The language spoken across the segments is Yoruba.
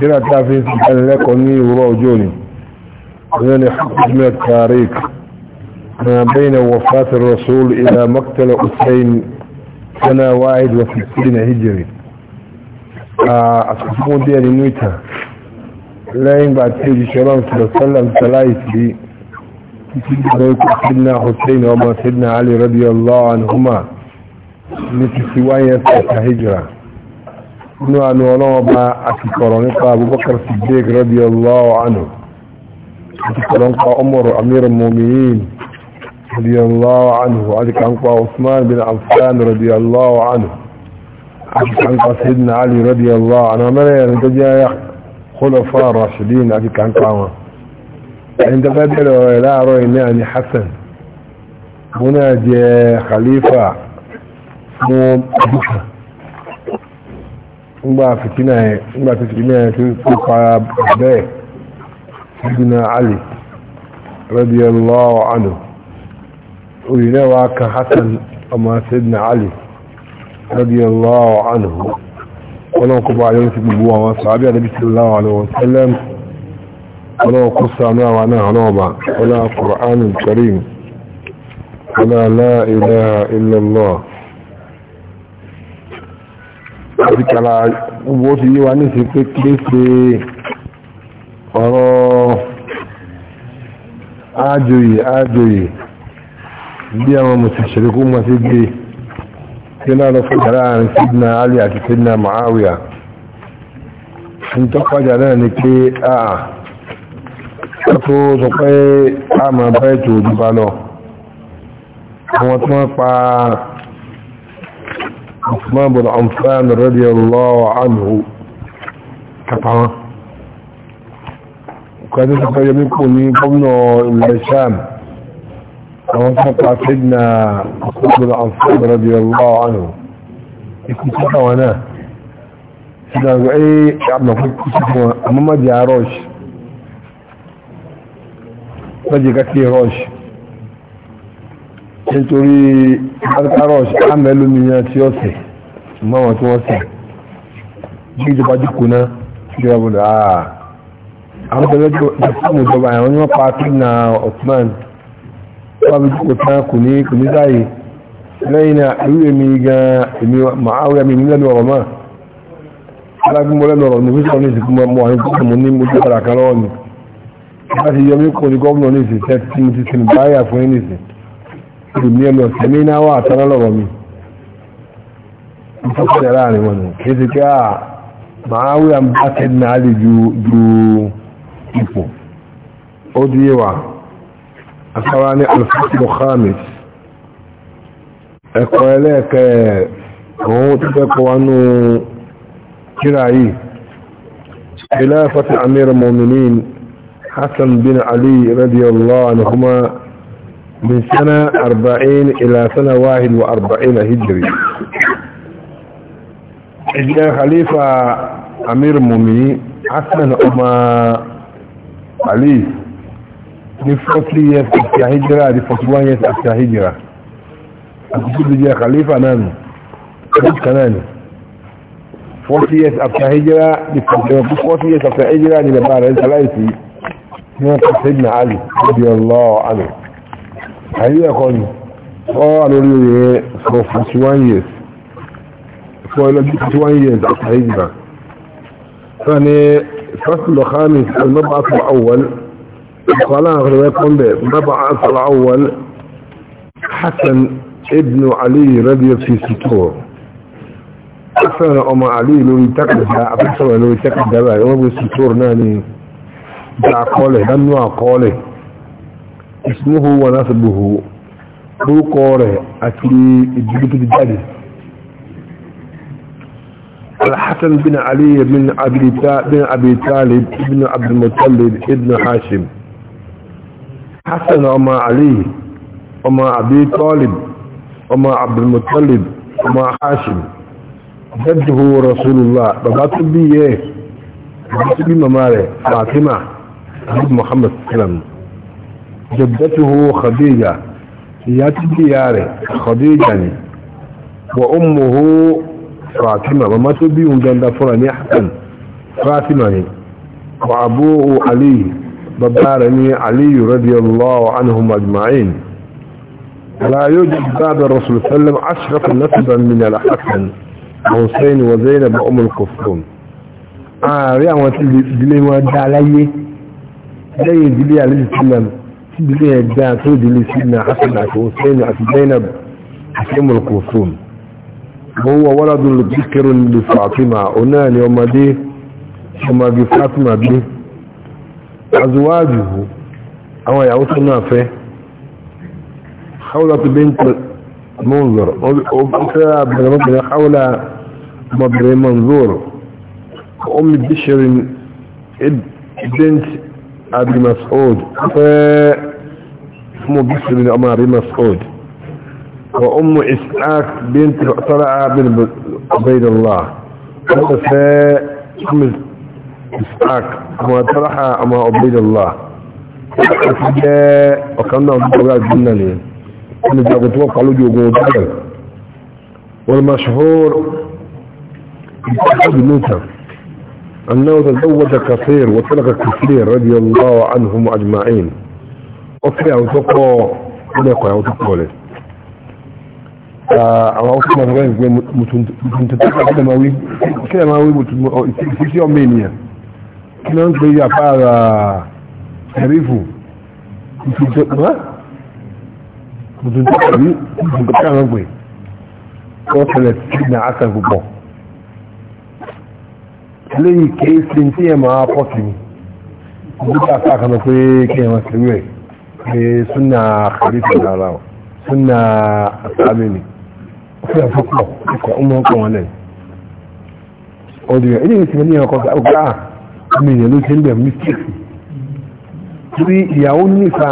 كنا تعرفين كان لكني وراجوني يعني حكم من التاريخ ما بين وفاة الرسول إلى مقتل أسين سنة واحد وستين هجري أسفون دي نويتها لين بعد سيدي شرام صلى الله عليه وسلم ثلاثي سيدنا حسين وما سيدنا علي رضي الله عنهما مثل سواية هجرة inú àánú ọlọ́wọ́ bá akẹ́kọ̀ọ́ nípa abubakar siddiq radiyallahu anhu akẹ́kọ̀ọ́ nípa umar amir al-mu'minin radiyallahu anhu akẹ́kọ̀ọ́ nípa usman bin affan radiyallahu anhu akẹ́kọ̀ọ́ nípa sidna ali radiyallahu anhu amẹ́rẹ́ yẹn tó jẹ́ khulafa rashidin akẹ́kọ̀ọ́ nípa wọn ẹni tó fẹ́ bẹ̀rẹ̀ ọ̀rẹ́ láàárọ̀ ilé àní hassan múnà jẹ́ khalifa fún abubakar ngba fitina yẹn ngba ti fitina yẹn ti tó para bẹ́ẹ̀ sidina ali radiyallahu anhu oyin náà wàá kan hasan ọmọ sidina ali radiyallahu anhu ọlọ́run kó bá ayọ́ ní ti gbogbo àwọn sàábí àdébí sallallahu alaihi wa sallam ọlọ́run kó sàánú àwọn náà ọlọ́run bá ọlọ́run kùránù karim ọlọ́run la ilaha illallah láti kàlà owó ti yíwa ní sí pé kí ṣe ọ̀rọ̀ ájòyè ájòyè bí àwọn mùsùlùmí kó mọ̀ sí gbé tí náà lọ fún yàrá àrin sídìnà alì àti sídìnà ma'áwíà ń tọ́pàjà náà ni pé àà tó sọ pé a máa bá ètò àwọn tí wọ́n pa عثمان بن عفان رضي الله عنه كتبه وكان يتخيل منكم يكون قبل الشام وانتقع سيدنا عثمان بن عفان رضي الله عنه يكون كتبه وانا سيدنا ايه عبنا كتبه اما ما جاء روش ما جاء روش nítorí alkaros amẹ́lómiyàn tí ó sẹ̀ mọ́wọ́n tí wọ́n sẹ̀ bí ìjọba jùkú náà tí ó bọ̀dọ̀ àà àwọn tẹ́lẹ̀ jùkú ìjọba àwọn yóò pa kí na Osman wọ́n bí jùkú tán kò ní kò ní sáyé lẹ́yìn náà irú èmi gan èmi màáwúrẹ́ mi nílẹ̀ lọ́rọ̀ mọ́ alágbèmọ́lẹ́ lọ́rọ̀ mi fi sọ ní ìsìnkú mọ́ àwọn ìjọba mo ní mo jẹ́ padà kan mi láti yọ mí kò ní gọ́ọ̀nà ní ìsìn tẹ́tí mo ti sìn báyà fún ẹ́ ní ìsìn ìrìnlẹ̀ ẹlọ tẹ̀mí náà wà tọ́rọ lọ́wọ́ mi ìfọ́kọ̀dẹ̀ láàrin wọn kìí sí pé àà ah, máa wí àmbá tẹ́dínà alì ju ipò ó di yíwa asáwá ní alfasilo khamis ẹ̀kọ́ ẹlẹ́ẹ̀kẹ́ òun tó fẹ́kọ̀ wá nú kíra yìí ilẹ̀ fọ́tí amir mominin hassan bin ali radiyallahu anhuma من سنة أربعين إلى سنة واحد وأربعين هجري إذن خليفة أمير المؤمنين حسن أما علي ní 40 years after hijira àti 41 years after hijira àti tó jẹ́ khalifa náà nù ọdún náà nù 40 years after hijira ní 40 years after hijira ní bàbá rẹ̀ sàláìsí ní wọ́n kọ́ sẹ́gbìn àlì ọdí ọlọ́ọ̀ àlì àyè ẹ̀kọ́ ni ọ wà lórí oyè for forty one years for eleven forty one years after hijra sani fasil khamis al-mab'ath al-awwal qala ghayr qambe mab'ath al-awwal حسن ابن علي رضي في ستور حسن ام علي لو يتقد افسر لو يتقد بقى هو ستور ناني ده قوله ده نوع قوله اسمه ونسبه بوكوره أكلي الجلوط الجالي الحسن بن علي بن أبي بن أبي طالب بن عبد المطلب بن حاشم حسن وما علي وما أبي طالب وما عبد المطلب وما حاشم جده رسول الله باباته بيه باباته بيه ممالي فاطمة محمد صلى الله عليه وسلم جدته خديجة ياتي ياري خديجة وأمه فاطمة وما تبي وجند فرني حقا فاطمة وأبوه علي ببارني علي رضي الله عنهم أجمعين لا يوجد بعد الرسول صلى الله عليه وسلم أشرف نسبا من الحسن حسين وزينب أم الكفرون. آه يا ما تقول لي ما دعلي دلي دلي عليه السلام ìdílé ẹ̀dá tó ìdílé sí ní hasan àti hussein àti zainab àti mulkusun mo wọ wọ́lọ́dún lùkìkìrún lè fatima onáà ni ọmọdé ọmọdé fatima bí azuwájú àwọn ìyàwó tó náà fẹ́ حولة بنت منظر وفيها بنت حولة مبري منظور أم بشر بنت أبي مسعود اسمه بسر بن عمر بن مسعود وأم إسحاق بنت طلعة بن عبيد الله أم إسحاق أم طلعة أم عبيد الله وكان عبد الله جنني أم جاءت وقع لجي وقوة والمشهور بن نوتر أنه تزوج كثير وترك كثير رضي الله عنهم أجمعين وفي أوتقوا ونقوا أوتقوا له àwọn ọkọ̀ máa sọ́gbọ́n ìgbẹ́ mùtùntàkà kí lẹ́màá wí kí lẹ́màá wí ìsísí ọmọ ènìyàn kí lọ́n gbé léyìí kéèsì tí ẹ máa pọ̀ sí ni nígbà káàkiri pé kí ẹ máa ṣe rẹ̀ pé súnà àkàrífẹ̀ lára ọ̀ súnà àtàbí ni fún ẹ̀fọ́pọ̀ ọkọ̀ ọmọ ọkọ̀ wọn lẹ̀ ọdún rẹ̀ ilé ìsinmi ní ọkọ̀ ọgbà ọmọ ènìyàn ló ṣe ń bẹ̀ mistake torí ìyàwó nífa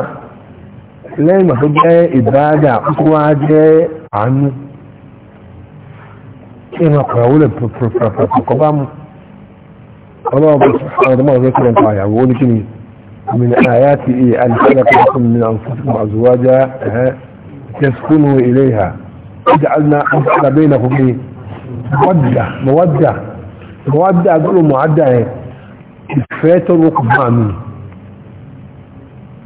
lẹ́yìn ìgbà tó jẹ́ ìbáradà kókó wá jẹ́ àánú kí ẹ máa kọ̀ ìyàwó lẹ̀ pọ̀pọ̀pọ̀pọ̀ kọ́ bá mu ọlọ́run àwọn ọmọ ọ̀rẹ́ sílẹ̀ nípa àyàwó ní kíni من آيات إيه أن خلق لكم من أنفسكم أزواجا تسكنوا إليها جعلنا أنفسنا بينكم إيه مودة مودة مودة أقول معدة إفات الرقبان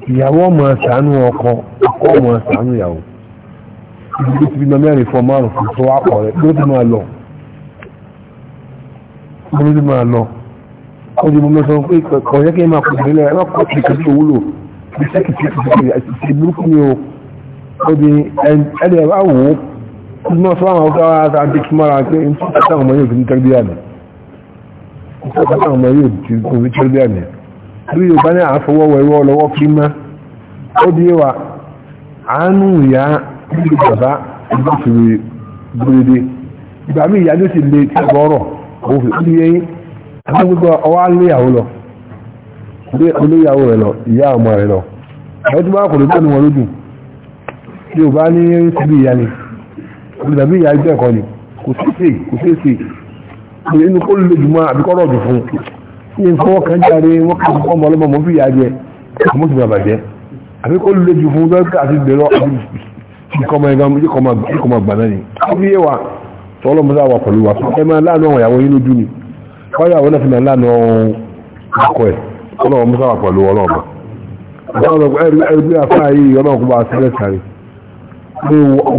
يهو ما سعنوا وقو وقو ما سعنوا يهو ìgbésí bí mami àrífọ́ márùn-ún fún àpọ̀ rẹ̀ ló ti máa lọ kọjú mọ́ mẹ́sàn pé kọ̀ yẹ́ kí ẹ máa kọjú nílẹ̀ ẹ̀rọ kọ́ ti kọjú òwúlò bí sẹ́kì tí kìí kìí àti burúkú ni o ó di ẹni ẹ̀rọ àwò ó mọ́ sọ àwọn ọ̀gá ara àti kí mọ́ra pé n tó kàtà ọmọ yóò fi tẹ́lẹ̀ bí àná n tó kàtà ọmọ yóò fi tẹ́lẹ̀ bí àná bí Yorùbá ní àfọwọ́wọ́ ẹ̀rọ lọ́wọ́ kí má ó di wa àánú ìyá níbi bàbá ìgbà fèrè gbèrèdè ìgbà mí ìyá ló sì le tí ọ̀rọ̀ òfin ó di yẹn ẹgbẹ́ gbogbo ọwọ́ aléyàwó lọ bí olóyàwó rẹ̀ lọ ìyá ọmọ rẹ̀ lọ ẹgbẹ́ tó bá kò lókè ní wọn lójú tí ò bá ní síbí ìyá ni olùdàbí ìyá ẹgbẹ́ ẹ̀kọ́ ni kò sí kò sí sí inú kó lè jùmọ́ àbíkọ́rọ̀ ọ̀dùn fún ní fọwọ́ kan jáde wọ́n kà fún ọmọ ọlọ́mọ fi ìyá jẹ àmọ́ sì bàbà jẹ àbí lè jù fún dọ́kítà àti ìgbèrọ ìkọmọ ìgbà náà ni wa tọ́lọ́mọdé àwà pẹ̀lú wa ẹ máa láàánú àwọn ni kọ́yà wọ́n lẹ́fìnà lánà ọkọ̀ ẹ̀ ọlọ́wọ́ mọ́sára pẹ̀lú ọlọ́ọ̀bà ẹgbẹ́ afáyí ọlọ́ọ̀kúnbà sílẹ̀ sáré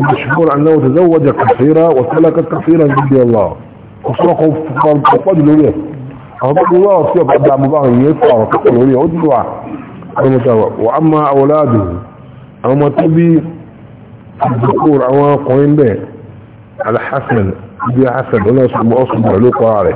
مشهور أنه تزوج كثيرا وسلك كثيرا جدي الله وصرقه فقد لوليه أرض الله فيه بعد مباغي يطلع وقد لوليه ودلع وأما أولاده أما تبي الذكور أما قوين به على حسن بي حسن ولا يصبح أصبح له قارئ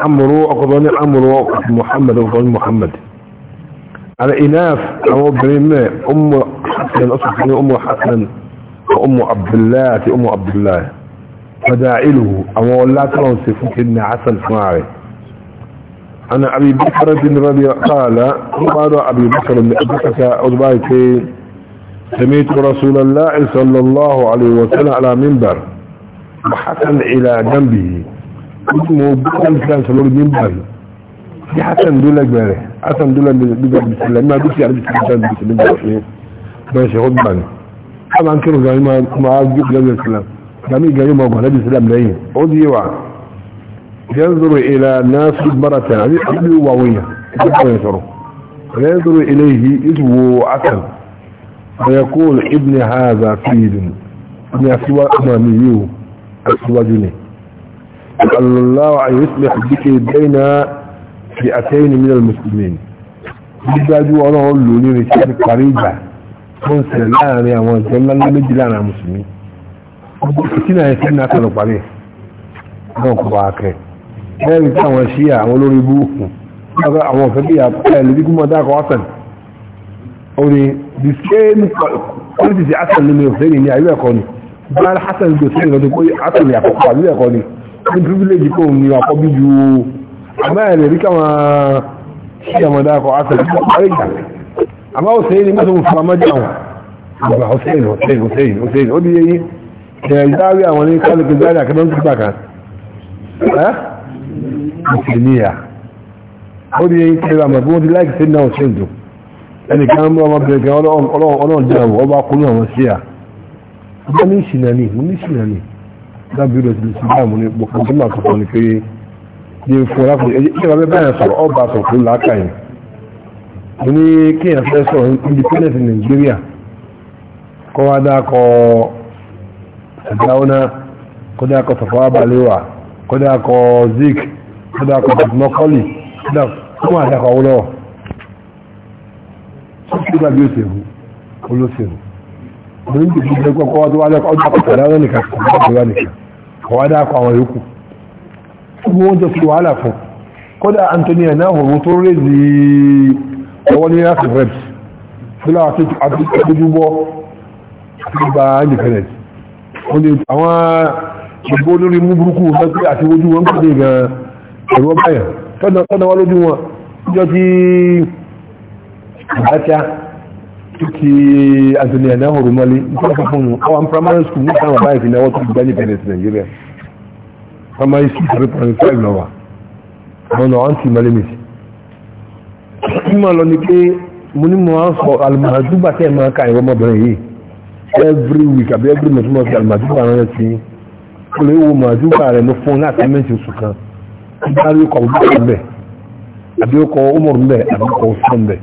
أمرو أقضاني عمرو محمد أقضاني محمد على إناف أو بريمة أم حسن أصبحني أم حسن وأم عبد الله أم عبد الله فداعله أو لا ترون إن حسن فماري أنا أبي بكر بن ربيع قال قال أبي بكر بن ابي بكر سميت رسول الله صلى الله عليه وسلم على منبر وحسن إلى جنبه tí mo gbọ́dọ̀ ní france lórí ní bàbí tí hasan dúlẹ̀ gbẹ̀rẹ̀ hasan dúlẹ̀ gbígbà bisimilẹ̀ ní adúsí àdúsí àdúsí àdúsí ní bàbí ní bẹ́ẹ̀ ṣe ọgbà ní ọmọ akérò gan yóò máa gbé gbẹ̀rẹ̀ islam gàmí gan yóò máa gbà lẹ́bi islam lẹ́yìn ó di wa yanzuru ila nasu baratan àbí àbí wà wọ̀nyà ó kọ̀ sọ̀rọ̀ yanzuru ilayhi yóò wo hasan فيقول ابن هذا سيد ابن أسوأ أمامي أسوأ جنيه قال الله أن يصلح بك بين فئتين من المسلمين بجاجو أنا أقول لي رسالة قريبة كنت الآن يا مزلا لم يجي لنا مسلمين كتنا يسلنا كانوا قريب كانوا قباكي ẹ̀rì táwọn ṣíyà àwọn olórí búrúkú àwọn ọ̀fẹ́ bí àpẹẹlẹ̀ bí gúnmọ̀ dákọ̀ ọ́sàn orí the same quality ti asan nínú ìfẹ́ ní ayúẹ̀kọ́ ni bá hassan gbèsè ìrọ̀dọ̀ pé asan ìyàkọ̀kọ̀ ayúẹ̀kọ́ ni ní privilege kò ní àkọ́bí ju àmáyẹ̀lẹ̀ rí káwọn sí àwọn dákọ̀ àtẹ̀lẹ̀ àríkà àmá òsèyìn ní mẹ́sàn fún àmájá wọn sei, òsèyìn sei. òsèyìn òsèyìn ó di yẹyí ẹ̀rẹ̀ dárí àwọn ní kálùkù dárí àkẹ́dọ́ sí gbà kan mùsùlùmíyà ó di yẹyí kẹrẹ àmà bí wọ́n ti láìkì sí náà òsèyìn tó ẹnì kan mú ọmọ bẹ̀rẹ̀ kan ọlọ́ọ̀dẹ̀ àwọn ọba kúnú àwọn sí à ọjọ́ ní ìsìnà ni mo ní ìsìnà ni dábìrì lọ sí ìsìláàmù ní gbogbo tó máa sọ̀rọ̀ ní pé ní fún ọlá fún ẹjẹ́ ìwà bẹ́ẹ̀ bẹ́ẹ̀ sọ̀rọ̀ ọba sọ̀rọ̀ tó láàkà yìí mo ní kéèyàn fẹ́ sọ̀rọ̀ independence Nigeria kọ́ wá dákọ̀ ẹ̀dáwọ́ná kọ́ dákọ̀ sọ̀fọ́ abàlẹ́wà kọ́ dákọ̀ zik kọ́ dákọ̀ mọ́kọ́lì kọ́ wá dákọ̀ ọwọ́lọ́wọ́ sọ́kì gbàgbé òṣèlú olóṣèlú mo ní ìdíje kọ́kọ́ wá tó wá dákọ̀ ọjọ́ àkọ́kọ̀ kọ̀wádá kọ àwọn yòókù gbogbo wọn jọ fi wàhálà fún kódà Anthony anáhùn tó rèzì ọwọ́ ní láti reps sílá àtijúbọ́ àtijúbà independent wọ́n ni àwọn gbogbo lórí mú burúkú mẹ́pẹ́ àti ojú wọn kò dé gan ẹ̀rọ báyà tọ́nà wá lójú wọn níjọ́ tí àbájá ti àtúnlẹ̀ ẹ̀dá ọ̀rọ̀ mọ́lé nípa fún un àwọn primary school ní káwọn báyìí fìdáwọ́ tó gbá ní pẹ̀lẹ̀ nàìjíríà primary school tàbí primary five lọ́wà àwọn ọ̀nà àǹtí mọ́lẹ́mìs mímọ̀ lọ ni pé mo ní mo sọ alùmọ̀dúgbà tẹ́ every week àbí every month mo fi alùmọ̀dúgbà rẹ̀ ti kò lè wo mọ̀dúgbà rẹ̀ mo fún láti mẹ́sì oṣù kan bá rí ọkọ̀ ọ̀bùkọ̀ mbẹ̀ àbí ọkọ̀ ọmọ mbẹ̀ àbí ọkọ̀ ọ̀sán mbẹ̀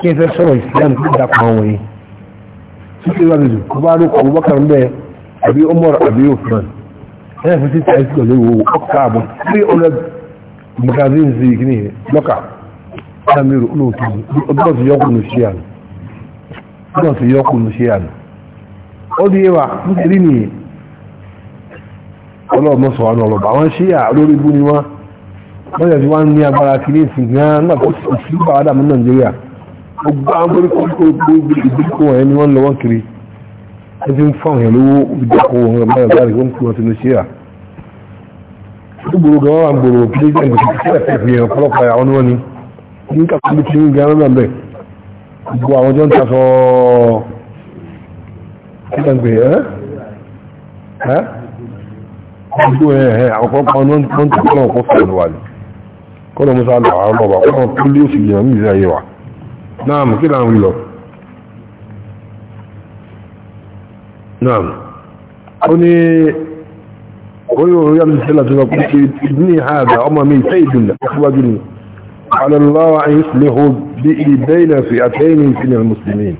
kí ẹ fẹ́ sọ̀rọ̀ islam tó dàpọ̀ àwọn yìí títí wà lójú kó bá ló kọ Abubakar bẹ́ẹ̀ àbí Umar àbí Uthman ẹ fẹ́ sí tàìsí lọ léwu ọkà àbọ̀ three hundred magazine sí kí ni lọ́kà samiru olóòtú ọdún ọ̀sẹ̀ yọkùn ló ṣe àná ọdún ọ̀sẹ̀ yọkùn ló ṣe àná ó di ẹwà nítorí nìyẹn ọlọ́ọ̀mọ́ sọ̀rọ̀ àwọn ọlọ́ba àwọn ṣíyà lórí ibú ni wọ́n wọ́n yẹ̀ tí wọ́n ní agbára kìíní ìsìn gan-an nígbà tó sì bá wàdà mú Nàìjíríà gbogbo agbórí kóríkó ìgbèríko ẹni wọ́n lọ wọ́n kiri ẹ ti ń fáwọn èèyàn lówó ìdókòwò wọn lọ báyọ̀ báyọ̀ wọ́n ti wọ́n ti lọ ṣe à gbogbo gan wà gbòòrò kílé jẹ́ nǹkan tí kílẹ̀ fẹ́ fi hàn ọ̀pọ̀lọpọ̀ àwọn wọn ni ní kàkó bí ti ń gan lọ́nà bẹ̀ gbogbo àwọn jọ ń ta sọ kílẹ̀ ń pè ẹ́ ẹ́ gbogbo ẹ̀ ẹ̀ ọ̀pọ̀lọpọ̀ wọn tó kọ́ ọ̀pọ̀ fẹ́ẹ̀ lọ wà ní kọ́lọ̀ musa làwọn ọlọ́ba kọ́lọ̀ kúlé òsì yẹn ní نعم كده عم له نعم هني ويقول يا ابن سلة ابني هذا أمامي سيدنا أخوة على الله أن يصلحوا بين فئتين من المسلمين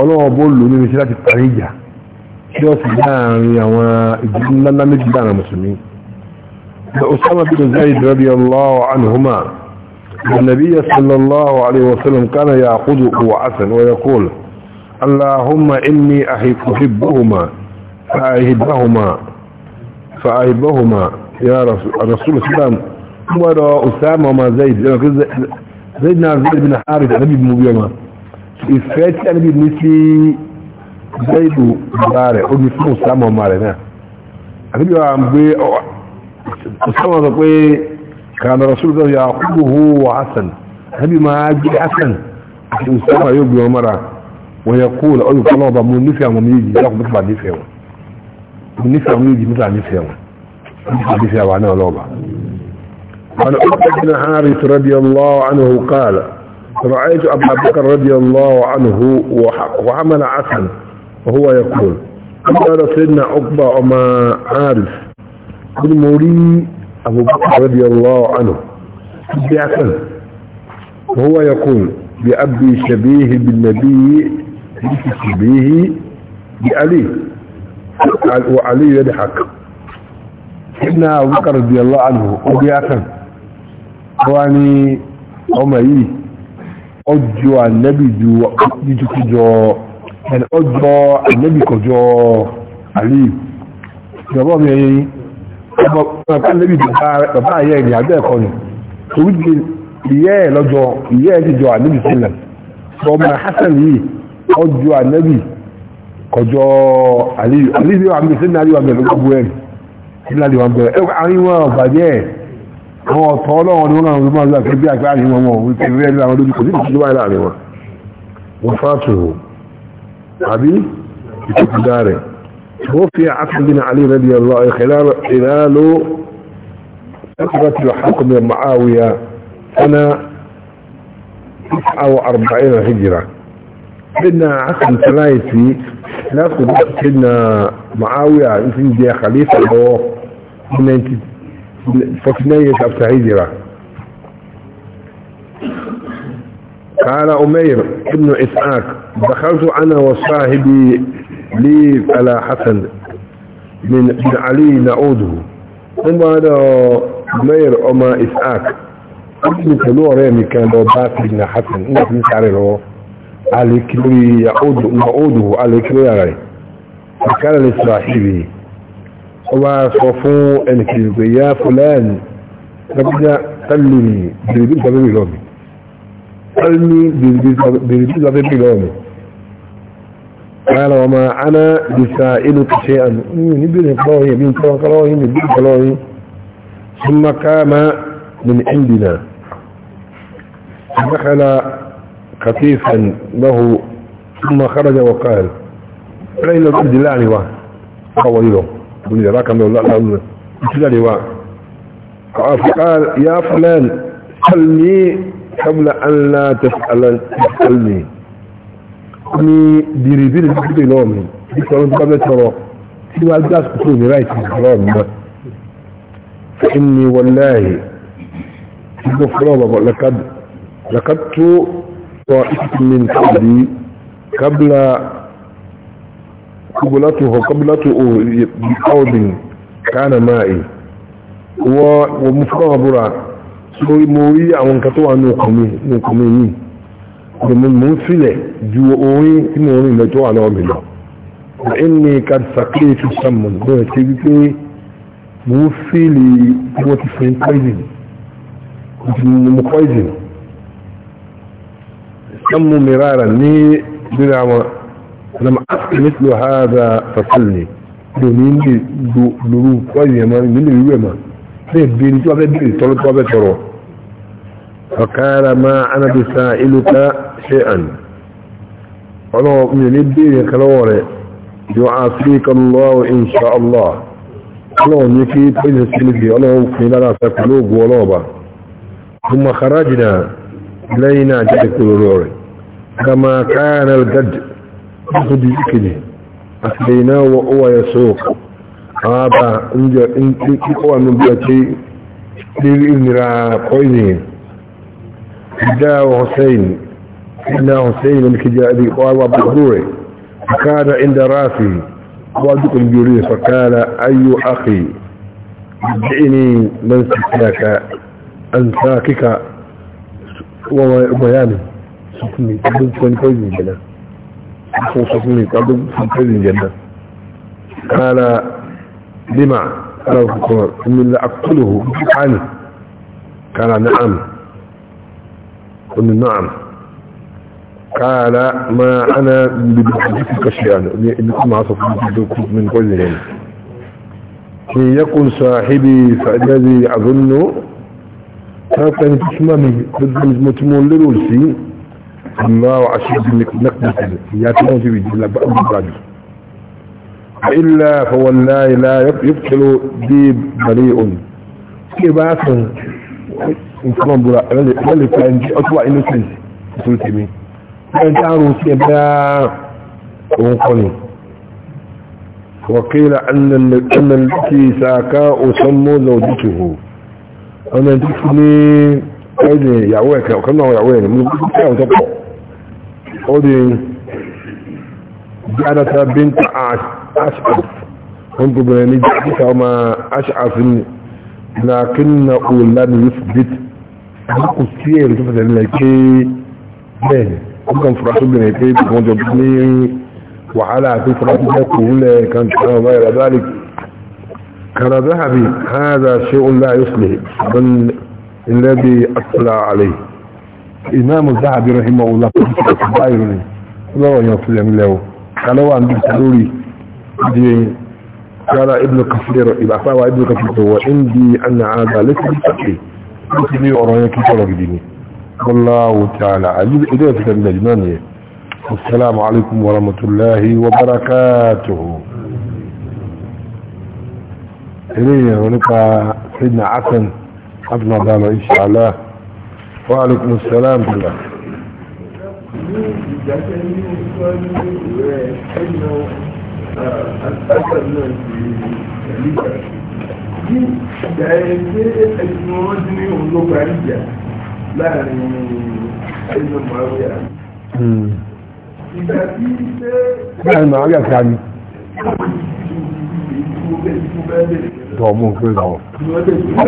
ọlọ́wọ́ bóòlù ní ìṣẹ́ láti parí ìjà tí ó sì láàrin àwọn ìdílé ńlá méjì láàrin mùsùlùmí. da النبي صلى الله عليه وسلم كان يأخذه عسل ويقول اللهم إني أحبهما فأحبهما فأحبهما يا رسول الإسلام ولا أسامة ما زيد زيدنا زيد بن حارث النبي بن مبيما إفات بن مثلي زيد بارع ومثل أسامة مارنا نعم. النبي عم بي أسامة تقول كان رسول الله يأخذه وحسن هبي ما أجل حسن الإنسان يبي ومرأة ويقول أي طلبة من نفع من يجي يأخذ مثل بعد نفع من نفع من يجي مثل عن نفع مثل نفع وعناه الله عن أبت بن حارث رضي الله عنه قال رأيت أبا بكر رضي الله عنه وعمل عسن وهو يقول قال سيدنا عقبة أما عارف المريء أبو بكر رضي الله عنه بيعقل وهو يقول بأبي شبيه بالنبي شبيه بألي وعلي يضحك ابن أبو بكر رضي الله عنه وبيعقل واني أمي أجوى النبي جوى أجوى جو يعني أجوى النبي كجو علي جواب يعني ọmọ bàbá níbi bàbá ayé ẹni àgbẹ̀ ẹ̀kọ́ ni torí di ìyẹ́ ẹ̀ lọ́jọ́ ìyẹ́ ẹ̀ ti jọ ànábì sílẹ̀ ọmọ Hasan yìí ọjọ́ ànábì kọjọ́ Aliyu Aliyu wa mbẹ sínú Aliyu wa mbẹ lọ́gbọ́ bu ẹ̀rì sínú Aliyu wa mbẹ ẹ̀ àárín wọn bàjẹ́ ẹ̀ àwọn ọ̀tọ̀ ọlọ́run ni wọ́n náà wọn wọn توفي عبد بن علي رضي الله خلال خلال فترة الحكم معاوية سنة 49 هجرة بدنا عقل ثلاثي ناخد سيدنا معاوية يمكن دي خليفة هو من أبتا هجرة قال أمير ابن إسحاق دخلت أنا وصاحبي ليف على حسن من علي نعوده ثم هذا مير أما إسعاك ابن تلو رامي كان باسر بن حسن إنه في مسعر هو على كلي يعود نعوده على كلي علي فكان لصاحبه وما صفوا أنك يا فلان ربنا سلني بريدين سبب لومي سلني بريدين سبب لومي قال وما أنا بسائلك شيئا نبيني قلوهي من قلوهي نبيني قلوهي ثم قام من عندنا دخل خفيفا له ثم خرج وقال لين الأرض لا لواء قوله من يراك من الله لا لا قال فقال يا فلان سلني قبل أن لا تسألني ó ní bìrìbìrì ní kíkè lọ́wọ́ mi bí sọ lọ́dún bábẹ́ tọrọ tí wọ́n á gbà sùkúrò ní ráì tí ìjọba mi mọ́ inni wallahi tí mo fọlọ́ bàbá lakad tó sọ ìkìkì mi tàbí kábílà kúbulátò hàn kábílátò ò bí káwọ́dìn kánà máa ì wọ́n mo fọlọ́ bàbá sórí mo rí àwọn nǹkan tó wà ní ọkọ̀ mi yìí mo mú sílẹ̀ ju orin tí mo rìn lẹ́tọ́ wà lọ́wọ́ mi lọ ẹni kàdùsàkì tó sàmùn bẹ́ẹ̀ ṣe wípé mo ń fíìlì wọ́n ti fi poison mo poison sàmù mìíràn ní bíra wọn لما أسأل مثل هذا فصلني دونين دو لورو كويس يا مان من اليوم ما بين بين تو بين تولو تو بين تورو فقال ما أنا بسائلك شيئا ولو من الدين كالوري يعافيك الله إن شاء الله ولو نكي تجه سلبي ولو في لنا سكلوب ولوبا ثم خرجنا إلينا جدك الروري كما كان الجد أخذ ذكره أخذيناه وهو يسوق هذا انجا انجا انجا انجا انجا انجا انجا قوينين حدا وحسين حدا حسين الكجابي قال وبحضوره فكان عند راسه وادق الجوري فقال أي أخي ادعني من سكاك أنساكك وبيانه سكني تبدو سكني الجنة سكني تبدو سكني الجنة قال لما قال إن لا أقتله عنه قال نعم قلنا نعم قال ما انا بحديثك شيئا انكم عصفتكم من قلهم ان يكن صاحبي فالذي اظن كان تسممي بدل متمول للولسي الله عشيد نقدس يا تنجي بجل بأبو إلا فوالله لا يبطل دي بريء كيف nǹkan ọ̀bùra ẹ̀rọ lè fa ẹni ọtí wà innocent tó tèmi ẹni tí a rò sí ẹbí òun kọ́ ni وقيل أن التي ساكا أسمو زوجته أنا تسمي أيدي يعويك وكما هو يعويني من كيف تبقى أودي جعلت بنت أشعف هم قبلاني جعلتها وما أشعف لكنه لم يثبت àmọ́ kò sí tó fẹsẹ̀ nílẹ̀ pé bẹ́ẹ̀ pé wọ́n jọ ní wàhálà àti كان ذهبي هذا شيء لا يصلح بل الذي أطلع عليه إمام الذهبي رحمه الله قال وان قال ابن كثير إبعفاوى ابن كثير وعندي أن هذا ليس بالتقليد ó ti ní ọ̀rọ̀ yẹn kí tọ́rọ̀ gidi ni wallahu ta'ala àyíbí ilé ìfẹ́ ilẹ̀ náà ni assalamu alaikum warahmatullahi wabarakatuhu ilé ìyẹ̀wò nípa sidna asan abdullahi insha Allah wa alaikum assalam billah ìdájẹ́ ní ìsọ́nù rẹ̀ ẹ̀nà àtàkà náà ti ẹ̀lú ìgbà tí ẹ̀ẹ́dẹ́ ẹ̀sìn wọn ti ní òun ló parí ìjà láàrin ẹ̀yìn màáwíà. Hmm. ìgbà tí ṣe. láàrin màáwíà ti a ní. tọ́ mú nǹkan lọ. Ó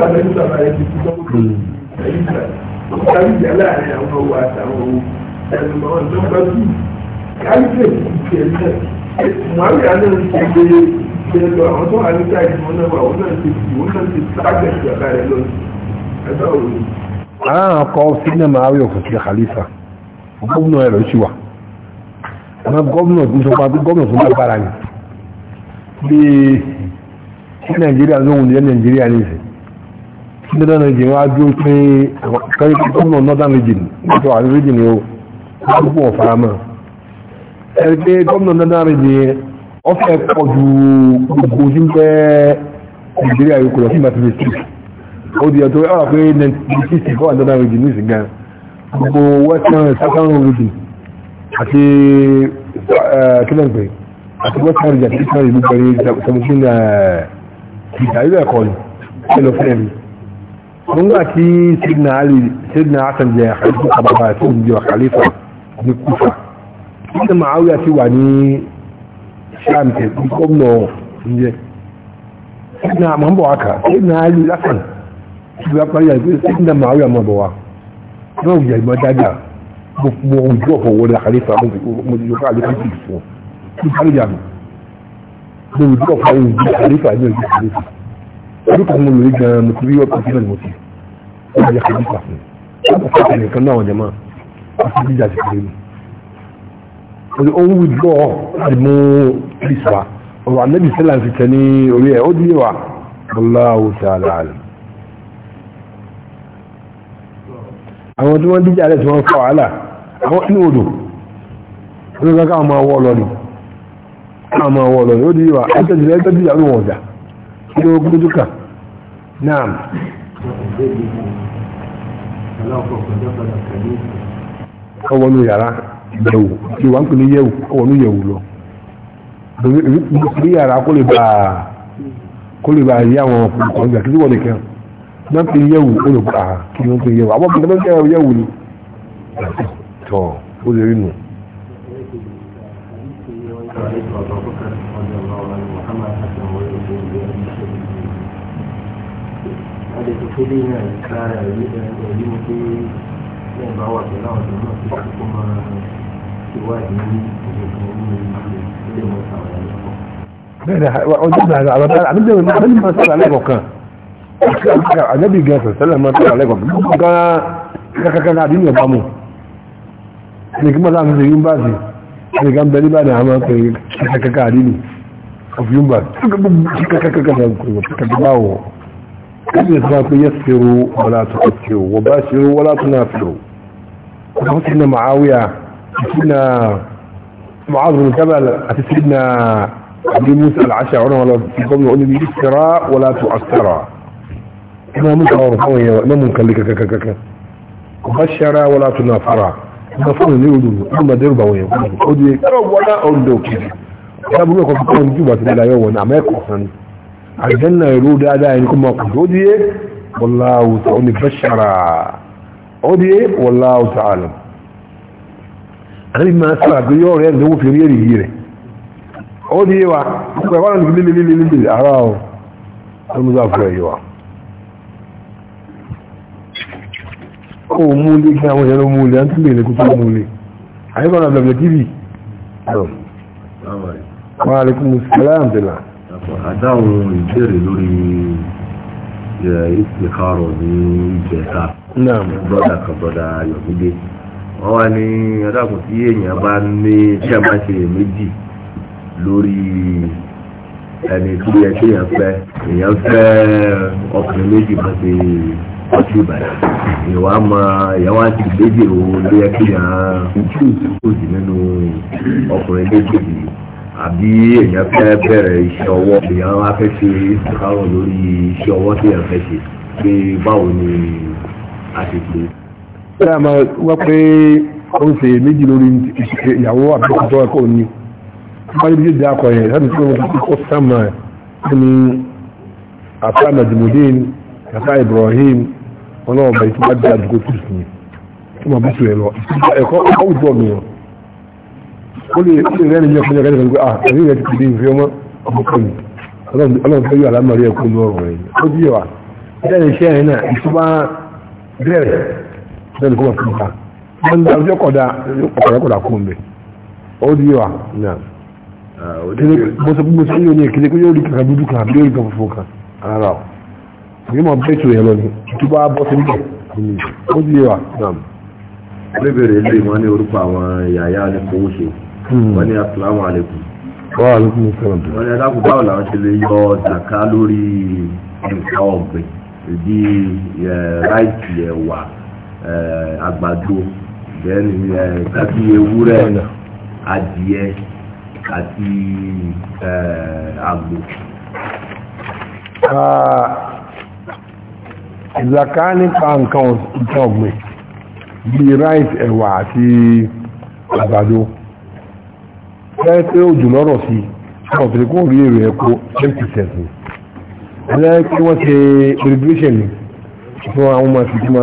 parí ìjà láàrin àwọn owó àtàwọn owó ẹnu mọ́ ọ̀dọ́ pẹ̀lú. Káyọ̀ ìṣèlú ti ẹ̀ náà. Màáwíà náà ti ṣe é ṣẹlẹ̀ àwọn tó wà níta ìdìbò náà wà wọn náà ti fi wọn náà ti sáàgẹ̀ sí ọ̀gá rẹ̀ lọ́nà ẹgbẹ́ òru. àwọn akọ sinima ayọ kò sí khalifa gómìnà ẹ lọ sí wa àwọn gómìnà tó ń sọ pé gómìnà tó ń lágbára ni bíi ní nàìjíríà lóhùn ní nàìjíríà ní ìsìn ní northern region wá dúró pé gómìnà northern region nítorí àwọn region ni ó wọ́n púpọ̀ fara gómìnà northern region ọ̀fẹ́ pọ̀ ju gbogbo tí ń jẹ́ nàìjíríà yòókù lọ sí mathematics six ó di ọ̀tọ̀ ọ̀rọ̀ pé ninety six four hundred and eighty news gan gbogbo western southern region àti eh, kílẹ̀ǹpẹ̀ àti western region àti eastern region gbogbo ẹni seventeen peter ilé ẹ̀kọ́ ni ṣe lọ fẹ́ẹ̀mí nígbà tí sidna ali sidna hasan jẹ àkàlífà bàbá àti òun jẹ àkàlífà ní kúfà nígbà máa wíyà sí wà ní sham ke gwamna inje ina mambo haka ina ali lasan ti ba pari ayi ti ina ma awi amabo wa na o je mo daga mo o jo fo wo la khalifa mo mo jo ka le ti fo ti pari jam mo jo fo wo di khalifa ni o di khalifa ko ko mo le ga mo ti yo ko ti na mo ti o ya khalifa ko ko ni kan na o jama ti ja ti pẹ̀lú ohun withdraw láti mú please wa ọ̀rọ̀ ànábì sẹ́là ti tẹ̀ ní orí ẹ̀ ó díẹ̀ wa Allahu ta'ala alam àwọn tí wọ́n díjà rẹ̀ tí wọ́n fa wàhálà àwọn inú odò ló kọ́ káwọn máa wọ́ lọ ni káwọn máa ọwọ́ nù yàrá yẹ̀wò tí wọ́n ń pè ní yẹ̀wò ọwọ́ ní yẹ̀wò lọ bí yàrá kó lè bá kó lè bá yí àwọn ọkùnrin ìgbà kí wọ́n lè kẹ́ wọ́n pè yẹ̀wò ó lè bá kí wọ́n pè yẹ̀wò àwọn ọkùnrin tó ń ni tọ́ ó lè rí nù. ìpele náà ká ẹ̀rí ẹ̀rí mú pé ẹ̀bá wà pẹ̀lú àwọn ọ̀dọ́ náà tó kó máa ọ̀la tó kẹ̀kẹ̀ wọ́n bá ṣe wọ́n látúnà fìlò. ọ̀pọ̀ sí ní màáwíyà سيدنا معاذ بن جبل سيدنا أبي موسى العشاء عنا ولا قبل يقول لي اسرى ولا تؤثرى إما موسى ورفوه إما منكر لك كك بشرى ولا تنافرى نفر نيودو أما دربا وين قد يكرب ولا أندو كده ya buru kwa kwa mtu basi bila yeye wana ameko sana aljanna yurudi ada yani kuma kududie wallahu ودي والله تعالى àti máa sọ àgbé yóò rẹ̀ ní òfin rí èrìgì rẹ̀ ó ní yíwa pẹ̀ wọ́n ní lílílílílí ara ọ̀ tó mú sáfẹ́ yíwa ó mú lé kí àwọn ìyẹn mú lé àti lè lè kúkú mú lé àyíkọ́ náà bẹ̀rẹ̀ tv wọ́n á lè kú sẹ́lẹ̀ àǹtẹ̀là àdáhùn ìbéèrè lórí ìpìlẹ̀ kárọ̀ ní ìjẹta brọ́dà kan brọ́dà yọ̀mídé wọ́n wá ní ọ̀dàkùn tí èèyàn bá ní tí a máa ṣe méjì lórí ẹni tí ẹ ṣe yàn fẹ́ èèyàn fẹ́ ọkùnrin méjì kan ṣe ọtí ìbàdàn ìwà máa ìyàwó àti ìbéjì wo ló yẹ kí yàn kóòtù nínú ọkùnrin méjèèjì àbí èèyàn fẹ́ bẹ̀rẹ̀ iṣẹ́ ọwọ́ èèyàn wá fẹ́ ṣe ìsìnkárọ̀ lórí iṣẹ́ ọwọ́ tí èèyàn fẹ́ ṣe pé báwo ni àṣepé ṣe àmà wá pé ó ń ṣe méjì lórí ìyàwó àbúkọ̀tọ́ ẹ̀kọ́ ní wọ́n níbi jíjẹ akọ̀ yẹn láti tí wọ́n ti kọ́ sàmà ní afá najimudin afá ibrahim wọn náà bẹ̀rẹ̀ tí wọ́n dá àdúgbò tó sì ní tí wọ́n bú sùn ẹ̀ lọ ẹ̀kọ́ ọ̀wùjọ mi wọn ó lè rẹ́ni ní ọkùnrin ọ̀gá nígbà ah ẹ̀rí rẹ̀ ti pèdé ìfẹ́ ọmọ ọmọkùnrin ọlọ́run fẹ́ yọ àlámọ̀rí ẹ̀kọ́ ní ọ̀rọ̀ rẹ̀ ó bí wa bẹ́ẹ̀ ni iṣẹ́ yẹn náà ìtúbá bẹ̀rẹ̀ lẹ́nu kó wọ́n fi ta wọ́n dá ọjọ́ kọ̀dá ọ̀kọ̀rọ̀ kọ̀dá kó ń bẹ̀ ó di wa náà ah, mo sọ pé mo sọ yóò ní ìkéde pé yóò rí kankan dúdú kan àbí yóò rí kankan funfun kan ara o èyí mọ̀ bẹ́ẹ̀ tó yẹ lọ ni tó bá bọ́ sí níbẹ̀ ó di wa náà. olóbèrè ilé wọn ní orúkọ àwọn yàyà ní kò ṣe wọn ní asalaamu alaykum. wọ́n alaykum salaam. wọ́n ní adágún báwo làwọn ṣe lè yọ zaka lórí nǹkan ọ̀gbìn bíi eh, ráìtì ẹ̀wà Eh, àgbàdo bẹ́ẹ̀ni eh, kàbí ewúrẹ́ adìẹ àti eh, àgbò. Ah, ìzàká nípa nǹkan ìtàn ọ̀gbìn bíi rice ẹ̀wà àti àgbàdo fẹ́ pé òjò lọ́rọ̀ sí ọ̀rọ̀ tó kó rí èrè ẹ̀kọ́ 10% ní ẹlẹ́kí wọ́n ṣe irrigation ní fún àwọn ọmọ àti ìjọba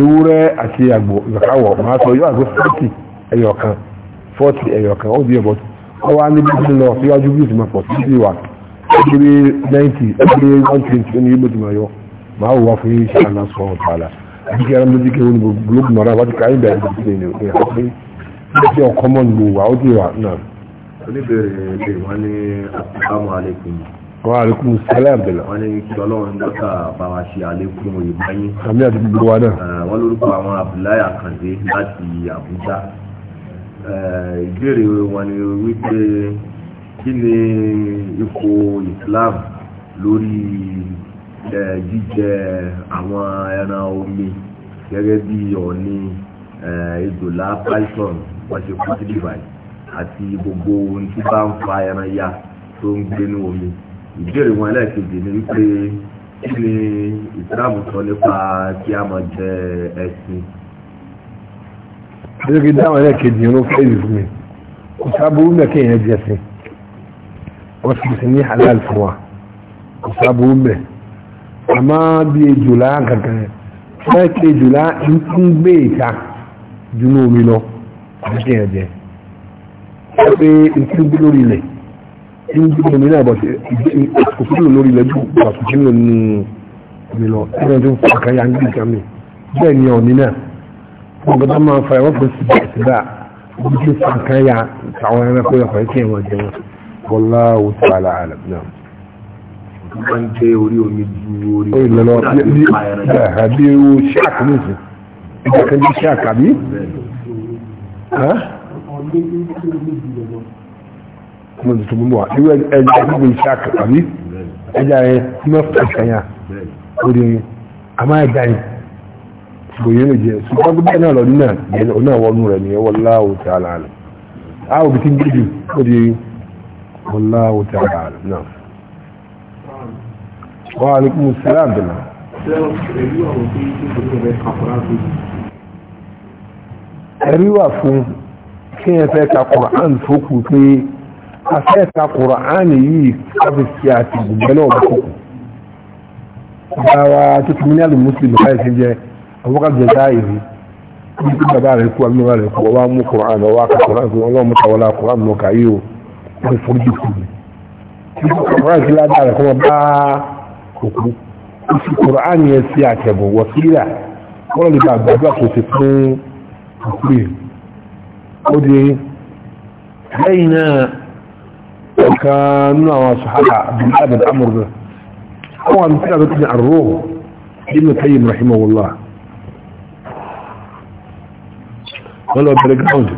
ewúrẹ́ àti àgbò ìgbàkáwọ̀ máa sọ yóò àgbò 40 ẹ̀yọ̀kan 40 ẹ̀yọ̀kan ó di ẹ̀bọ̀ ó wá ní bí ti lọ síwájú bí ìsìnkú pọ̀ sí ti wà ẹgbẹ́ 90 ẹgbẹ́ 120 ní ibo ti máa yọ máa wà fún yín ṣáà náà sọ̀rọ̀ tààlà àti kí arábìnrin kéwù ní gbogbo mọ̀ra wájú káyé bẹ̀rẹ̀ ní ti lè ní ọ̀pẹ́ ní ti ọkọ̀ mọ́ ní gbogbo àwọn ti wà náà. oníbẹ̀rẹ̀ wa a salam bẹ̀rẹ̀. wọ́n ní kí ọlọ́run dọ́kà bá wa ṣe àlékún òyìnbá àmì àti gbogbo wa náà. wọ́n lórúkọ àwọn Abdullahi Akande láti Abuja. ìbéèrè wọn ni wípé kí ni ipò Islam lórí jíjẹ àwọn ẹran omi gẹ́gẹ́ bí ọ̀ọ́ni python wọ́n ṣe kú gbogbo ohun tí bá ń ya tó ń omi. ìbéèrè wọn ẹlẹ́ẹ̀kejì ni wípé kí ni ìsìláàmù sọ nípa kí a máa jẹ ẹṣin. ẹjọ́ kí dáhùn ẹlẹ́ẹ̀kejì ló fẹ́ yìí fún mi kò sábúrú náà kéèyàn jẹ ẹṣin wọ́n sì sì ní halal fún wa kò sábúrú mẹ́ àmọ́ bí ejòlá gàgàn fẹ́ kí ejòlá ń gbé ìta jùlọ omi lọ àti kéèyàn jẹ ẹ pé ìtúgbó lórí ilẹ̀ tí ń gbé mi náà bọ̀ sí òkúrò lórí lẹ́jù pàtàkì nínú mi lọ ẹgbẹ́ tó fà ká yá ń gbé ìkàmì bẹ́ẹ̀ ni ọ̀ní náà wọ́n gbọ́dọ̀ máa fa ẹ̀wọ́n fún sí bẹ́ẹ̀ síbà wọ́n ti fà ká yá àwọn ẹran pé ọkọ̀ ẹ̀kẹ́ wọn jẹun bọ́lá òtún àlà náà. wọ́n ń gbé orí omi ju orí omi kuma da tumu wa iwe ẹja ibe iṣẹ́ àkàkàrí ẹja rẹ north kenya orí àmá ẹja yìí ṣùgbọ́n yẹn jẹ ṣùgbọ́n gbogbo o lọ nínà yẹn náà wọnú rẹ nìyẹn wallahu ta'ala alam a ò bí tí ń gbé jù orí wallahu ta'ala alam náà wa alaikum salam dala. ẹ̀rí wà fún kí ẹ fẹ́ ka Qur'an fókù pé afẹ́ta kùránì yìí káfíìsì àti ìgbẹ̀lẹ̀ ọ̀bọ̀kọ̀kù báwa tó ti mílíọ̀nù mùsùlùmí káyọ̀ sí jẹ́ abúkàtà jẹ́dá ìrí bí kí bàbá rẹ̀ kú àbí bàbá rẹ̀ kú ọwá mú kùránì ọwá ká kùránì kú ọlọ́run mú tàwọlá kùránì lọ kàyé o wọ́n fún jù kù mí kùránì sí ládà rẹ̀ ó ọ̀kan nínú àwọn sọ̀hálà abdullahi amurda àwọn àmì tíra tó ti àrò nínú tayi rahimahullah wọ́n lọ bẹ̀rẹ̀ ground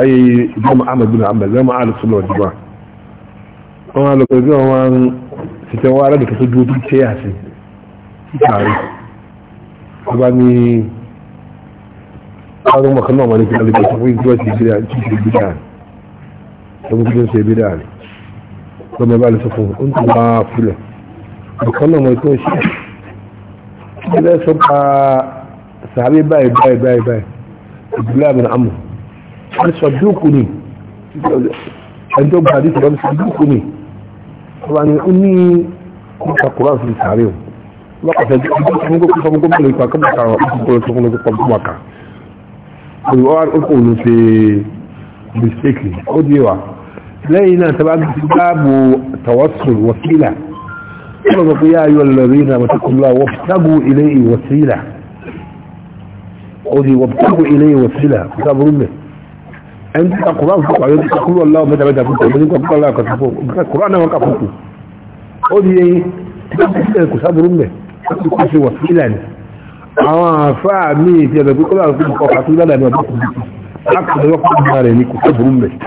ayé imam ahmed bin ahmed zama alisulọ jùlọ wọ́n lọ bẹ̀rẹ̀ ground wọn fìtẹ̀ wọ́n alẹ́ kẹsọ́ dúró tó ṣe àṣì tààrí wọ́n bá ní ọdún mọ̀kànlá wọn ní kí alẹ́ kẹsọ́ fún ìjọ́ ti ṣe bí dáa lọ́mọ bá lè sọ fún un tó bá filẹ̀ nǹkan náà mọ̀ tó ń ṣe kí lẹ́ sọ pa sàárè báyìí báyìí báyìí báyìí ìdílé àmì àmọ̀ wọ́n sọ dúkù ni ẹni tó gbàdí sọ lọ́mọ sọ dúkù ni ọba ni ó ní ọkọ̀ kúrọ̀ sí sàárè o lọ́kọ̀ọ́sẹ̀ tó ń sọ fún kókó sọ fún kókó lè pa kókó kà ó kókó sọ fún kókó pọ̀ kà ó kò ní ṣe mistake ó di wa lẹ́yìn náà tàbí dáàbò tawassul wasila kuma ga ku yayi wallabi na matakulla wabtagu ilayhi wasila odi wabtagu ilayhi wasila ku ta burun ne an ta qur'an ku ayo ta kullu allah ma da da ku ta burun ku allah ka tafu ka qur'an ma ka fuku odi ku ta burun ne ku ku shi wasila ne àwọn àfáà míì tí ẹ̀bẹ̀ pípọ́lá ọ̀sán kọkàtúndà lẹ́nu ọdún kùdùkù láti ọdún kùdùkù rẹ̀ ní kùkù burú mẹ́ta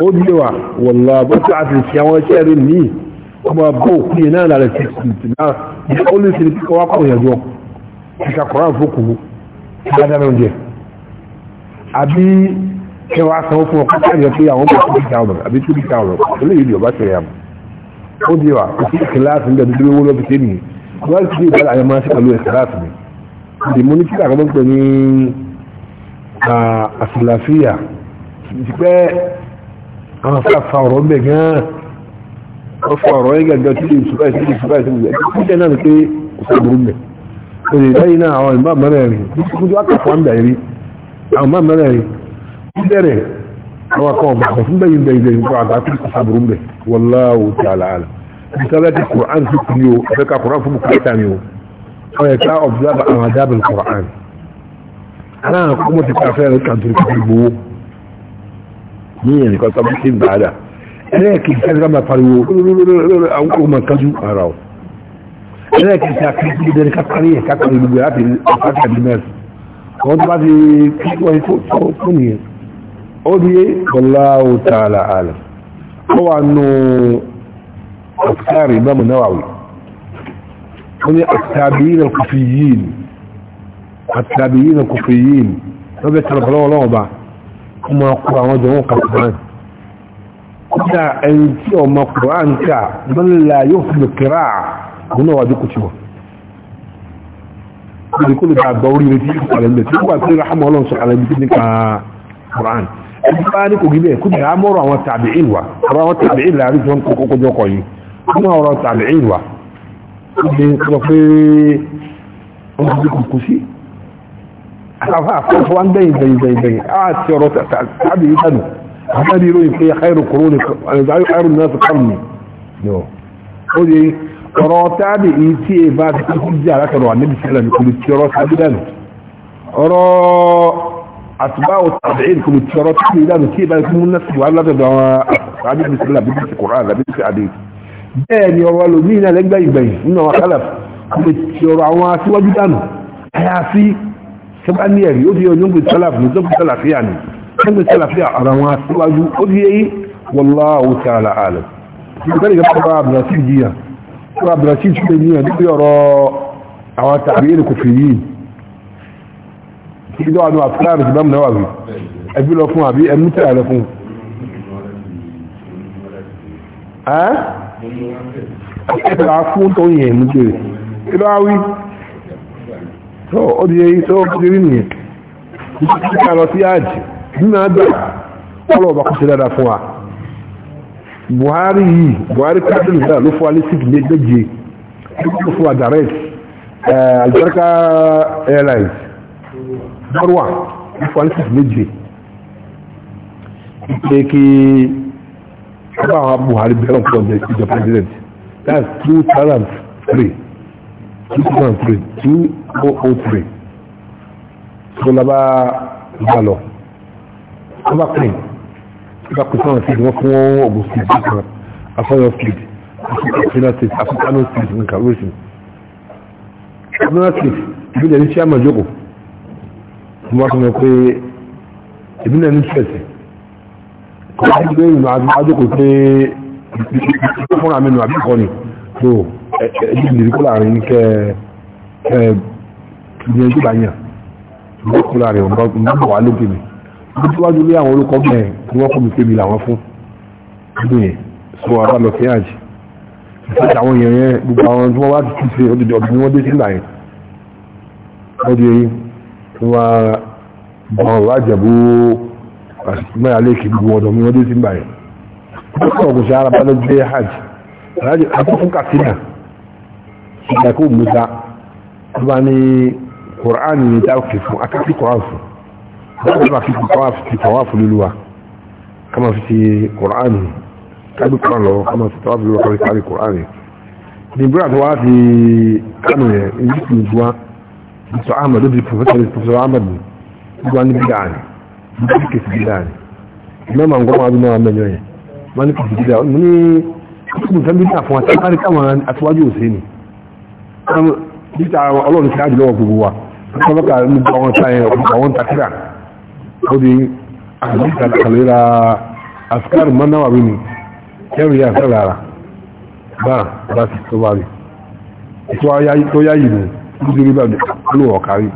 ó léwà wọ̀lá bó tí a ti ṣe àwọn iṣẹ́ rí ní ọmọ bó òkú yẹn náà lára ṣe ṣùgbọ́n náà ní ó lè ṣe ní kíkọ́ wá kọ̀ọ̀yàn jọ kíkà kọ̀ọ̀rán fókùnmú ládára oúnjẹ àbí kẹwàá sanwó fún ọkọ̀ káàdì ọ̀pẹ́ àwọn ọmọ tóbi ká ọ̀rọ̀ àbí tóbi ká ọ̀rọ̀ ó lè yí ọba kò sí kìláàsì ń bẹ̀rẹ̀ lówó lọ́bi tẹ́ nìyí wọ́n ti àwọn afáfà ọ̀rọ̀ ń bẹ̀ gan-an wọ́n fọ ọ̀rọ̀ yìí gàgà tí lè ṣùgbọ́n ìṣẹ́ lè ṣùgbọ́n ìṣẹ́ lè ṣùgbọ́n náà pé kò sí burú mẹ́ o lè lẹ́yìn náà àwọn ìmọ̀ mẹ́rẹ̀ rí nítorí wọ́n kàfọ́ ń bẹ̀ rí àwọn ìmọ̀ mẹ́rẹ̀ rí ń bẹ̀rẹ̀ àwọn akọ ọ̀gbà kò fún bẹ́yìn bẹ́yìn bẹ́yìn kó àgbà kò ìṣẹ́lẹ̀ مين قال طب مين بعده لكن كان رمى طريقه او من كجو اراو لكن ساكن في دير كاتقريه كاتقريه لبيعات الفاتحة بالناس قلت بعد كيكوه يفوتوا كمية قضي الله تعالى عالم هو انه افكار امام النووي قلت التابعين الكفيين التابعين الكفيين ربي ترفلوه لهم بعد ọmọ ọkọ̀ àwọn jọ wọn kàkùnrin kúta ẹni tí ọmọ kùrán ká mọ́lá yóò fi lè kíra àwọn náà wájú kò tí wọ́n kúrò bá gbọ́ orí retí ìpàlẹ̀mẹ̀ tí ó wà tí rahamu ọlọ́run sọ àlẹ́bí tí nípa kùrán ẹni bá ní kò gíbẹ̀ kúta àfáàfọ́ wọ́n dẹ̀yìn dẹ̀yìn dẹ̀yìn dẹ̀yìn àti ọ̀rọ̀ tàbí ìtànù àtàrí ìròyìn pé ẹ̀rù kòrò ní ẹ̀rù náà ti kàrù ní ó di ọ̀rọ̀ tàbí ìtí ẹ̀bá ti kú jẹ́ alákọ̀rọ̀ àníbi sílẹ̀ ní kùlù tí ọ̀rọ̀ tàbí dànù ọ̀rọ̀ àtibáwò tàbí kùlù tí ọ̀rọ̀ tàbí dànù tí ẹ̀bá ikú múná sí wà látọ̀dọ̀ àwọn àbí sẹ́bá ní ẹ̀rí ó di ọjọ́ gbé sálàfì ní tóbi sálàfíà ni gbé sálàfíà ara wọn aṣíwájú ó di yéyí wallahu ta'ala alam ìgbẹ́rẹ̀ ìgbà bá abdulrasheed jiyàn bá abdulrasheed ṣe ní ẹ̀dí pé ọ̀rọ̀ àwọn tàbí èrè kò fi yìí kí ló wà ní àfúrà rẹ̀ ìbámu fún tó yẹn mú jẹ́ kí ló tó ó di èyí tó ó di rí nìyẹn kíkà lọ sí àjì nínú àgbà ọlọ́ ọba kò ṣe dáadáa fún wa Buhari yìí Buhari kábílì náà ló fún wa ní síkì méje ló fún wa direct Alberca Airlines Marwa ló fún wa ní síkì méje pé kí ọba Buhari bẹ̀rẹ̀ ọ̀pọ̀ ìjọ president that's two thousand three 2003 2003 tó lábá gbà lọ wọ́n bá pè é bá pè sáwọn sí wọ́n fún ọgbọ̀n sí ìdí kan afọ́yọ́ street afọ́yọ́ street afọ́yọ́ street ní kàwéṣin afọ́yọ́ street ìbílẹ̀ ní chairman joko wọ́n bá fún ọ pé ìbílẹ̀ ní chẹ́ẹ̀tì kọ́ ọ́ gbé ìrìn àjò pé fúnra mi nù àbíkọ́ ni tó ẹ̀ẹ́dìbìlì kó láàrin kẹ́ ẹ̀ ìyẹn ìjọba yàn ìwọ́n kó láàrin ọ̀nà wà lókè mi bí tí wájú lé àwọn olùkọ́ mẹ́rin tí wọ́n kọ́ mi pébi làwọn fún ọdún yẹn sọ àbá lọ sí àjì ìfẹ́jà àwọn èèyàn yẹn gbogbo àwọn tí wọ́n wá ti ṣe ọdún ọdún ni wọ́n dé sílà yẹn lọ́dún yẹn tí wọ́n bọ̀ wá jẹ̀bú mẹ́ra lẹ́kì gbogbo ọdún ni wọ́n dé sílà yẹn wọ́n kọ́ ọ̀gùn sí arábálẹ́gbẹ́ hajj àkókò kàtínà ìdàkó musa tó bá ní koran ní dáwọ̀kì fún akáàkì koran fún láti bá fi tọwà fún líluwa kama fi ti koran ní kábí koran lọ kama fi tọwà fún líluwa kama fi kábí koran ní ní tó wá fi kánò yẹn ní kí n duwa ahmed ló professor professor ahmed ní ní bídà ní ní kí kìí bídà ní mẹ́mà ń gbọ́n adúmọ̀ amẹ́yọ yẹn wọ́n ní kìí bídà ní kí títà ọlọ́run tí a jùlọ gbogbo wa ọlọ́kà ní àwọn sáyẹn àwọn takira ó di àjíkà kàlera askar manáwà bí ni kẹrù yà sára rà bá bá sì tó bá rí tó yáyì ní títí rí bá lò ọ̀kárí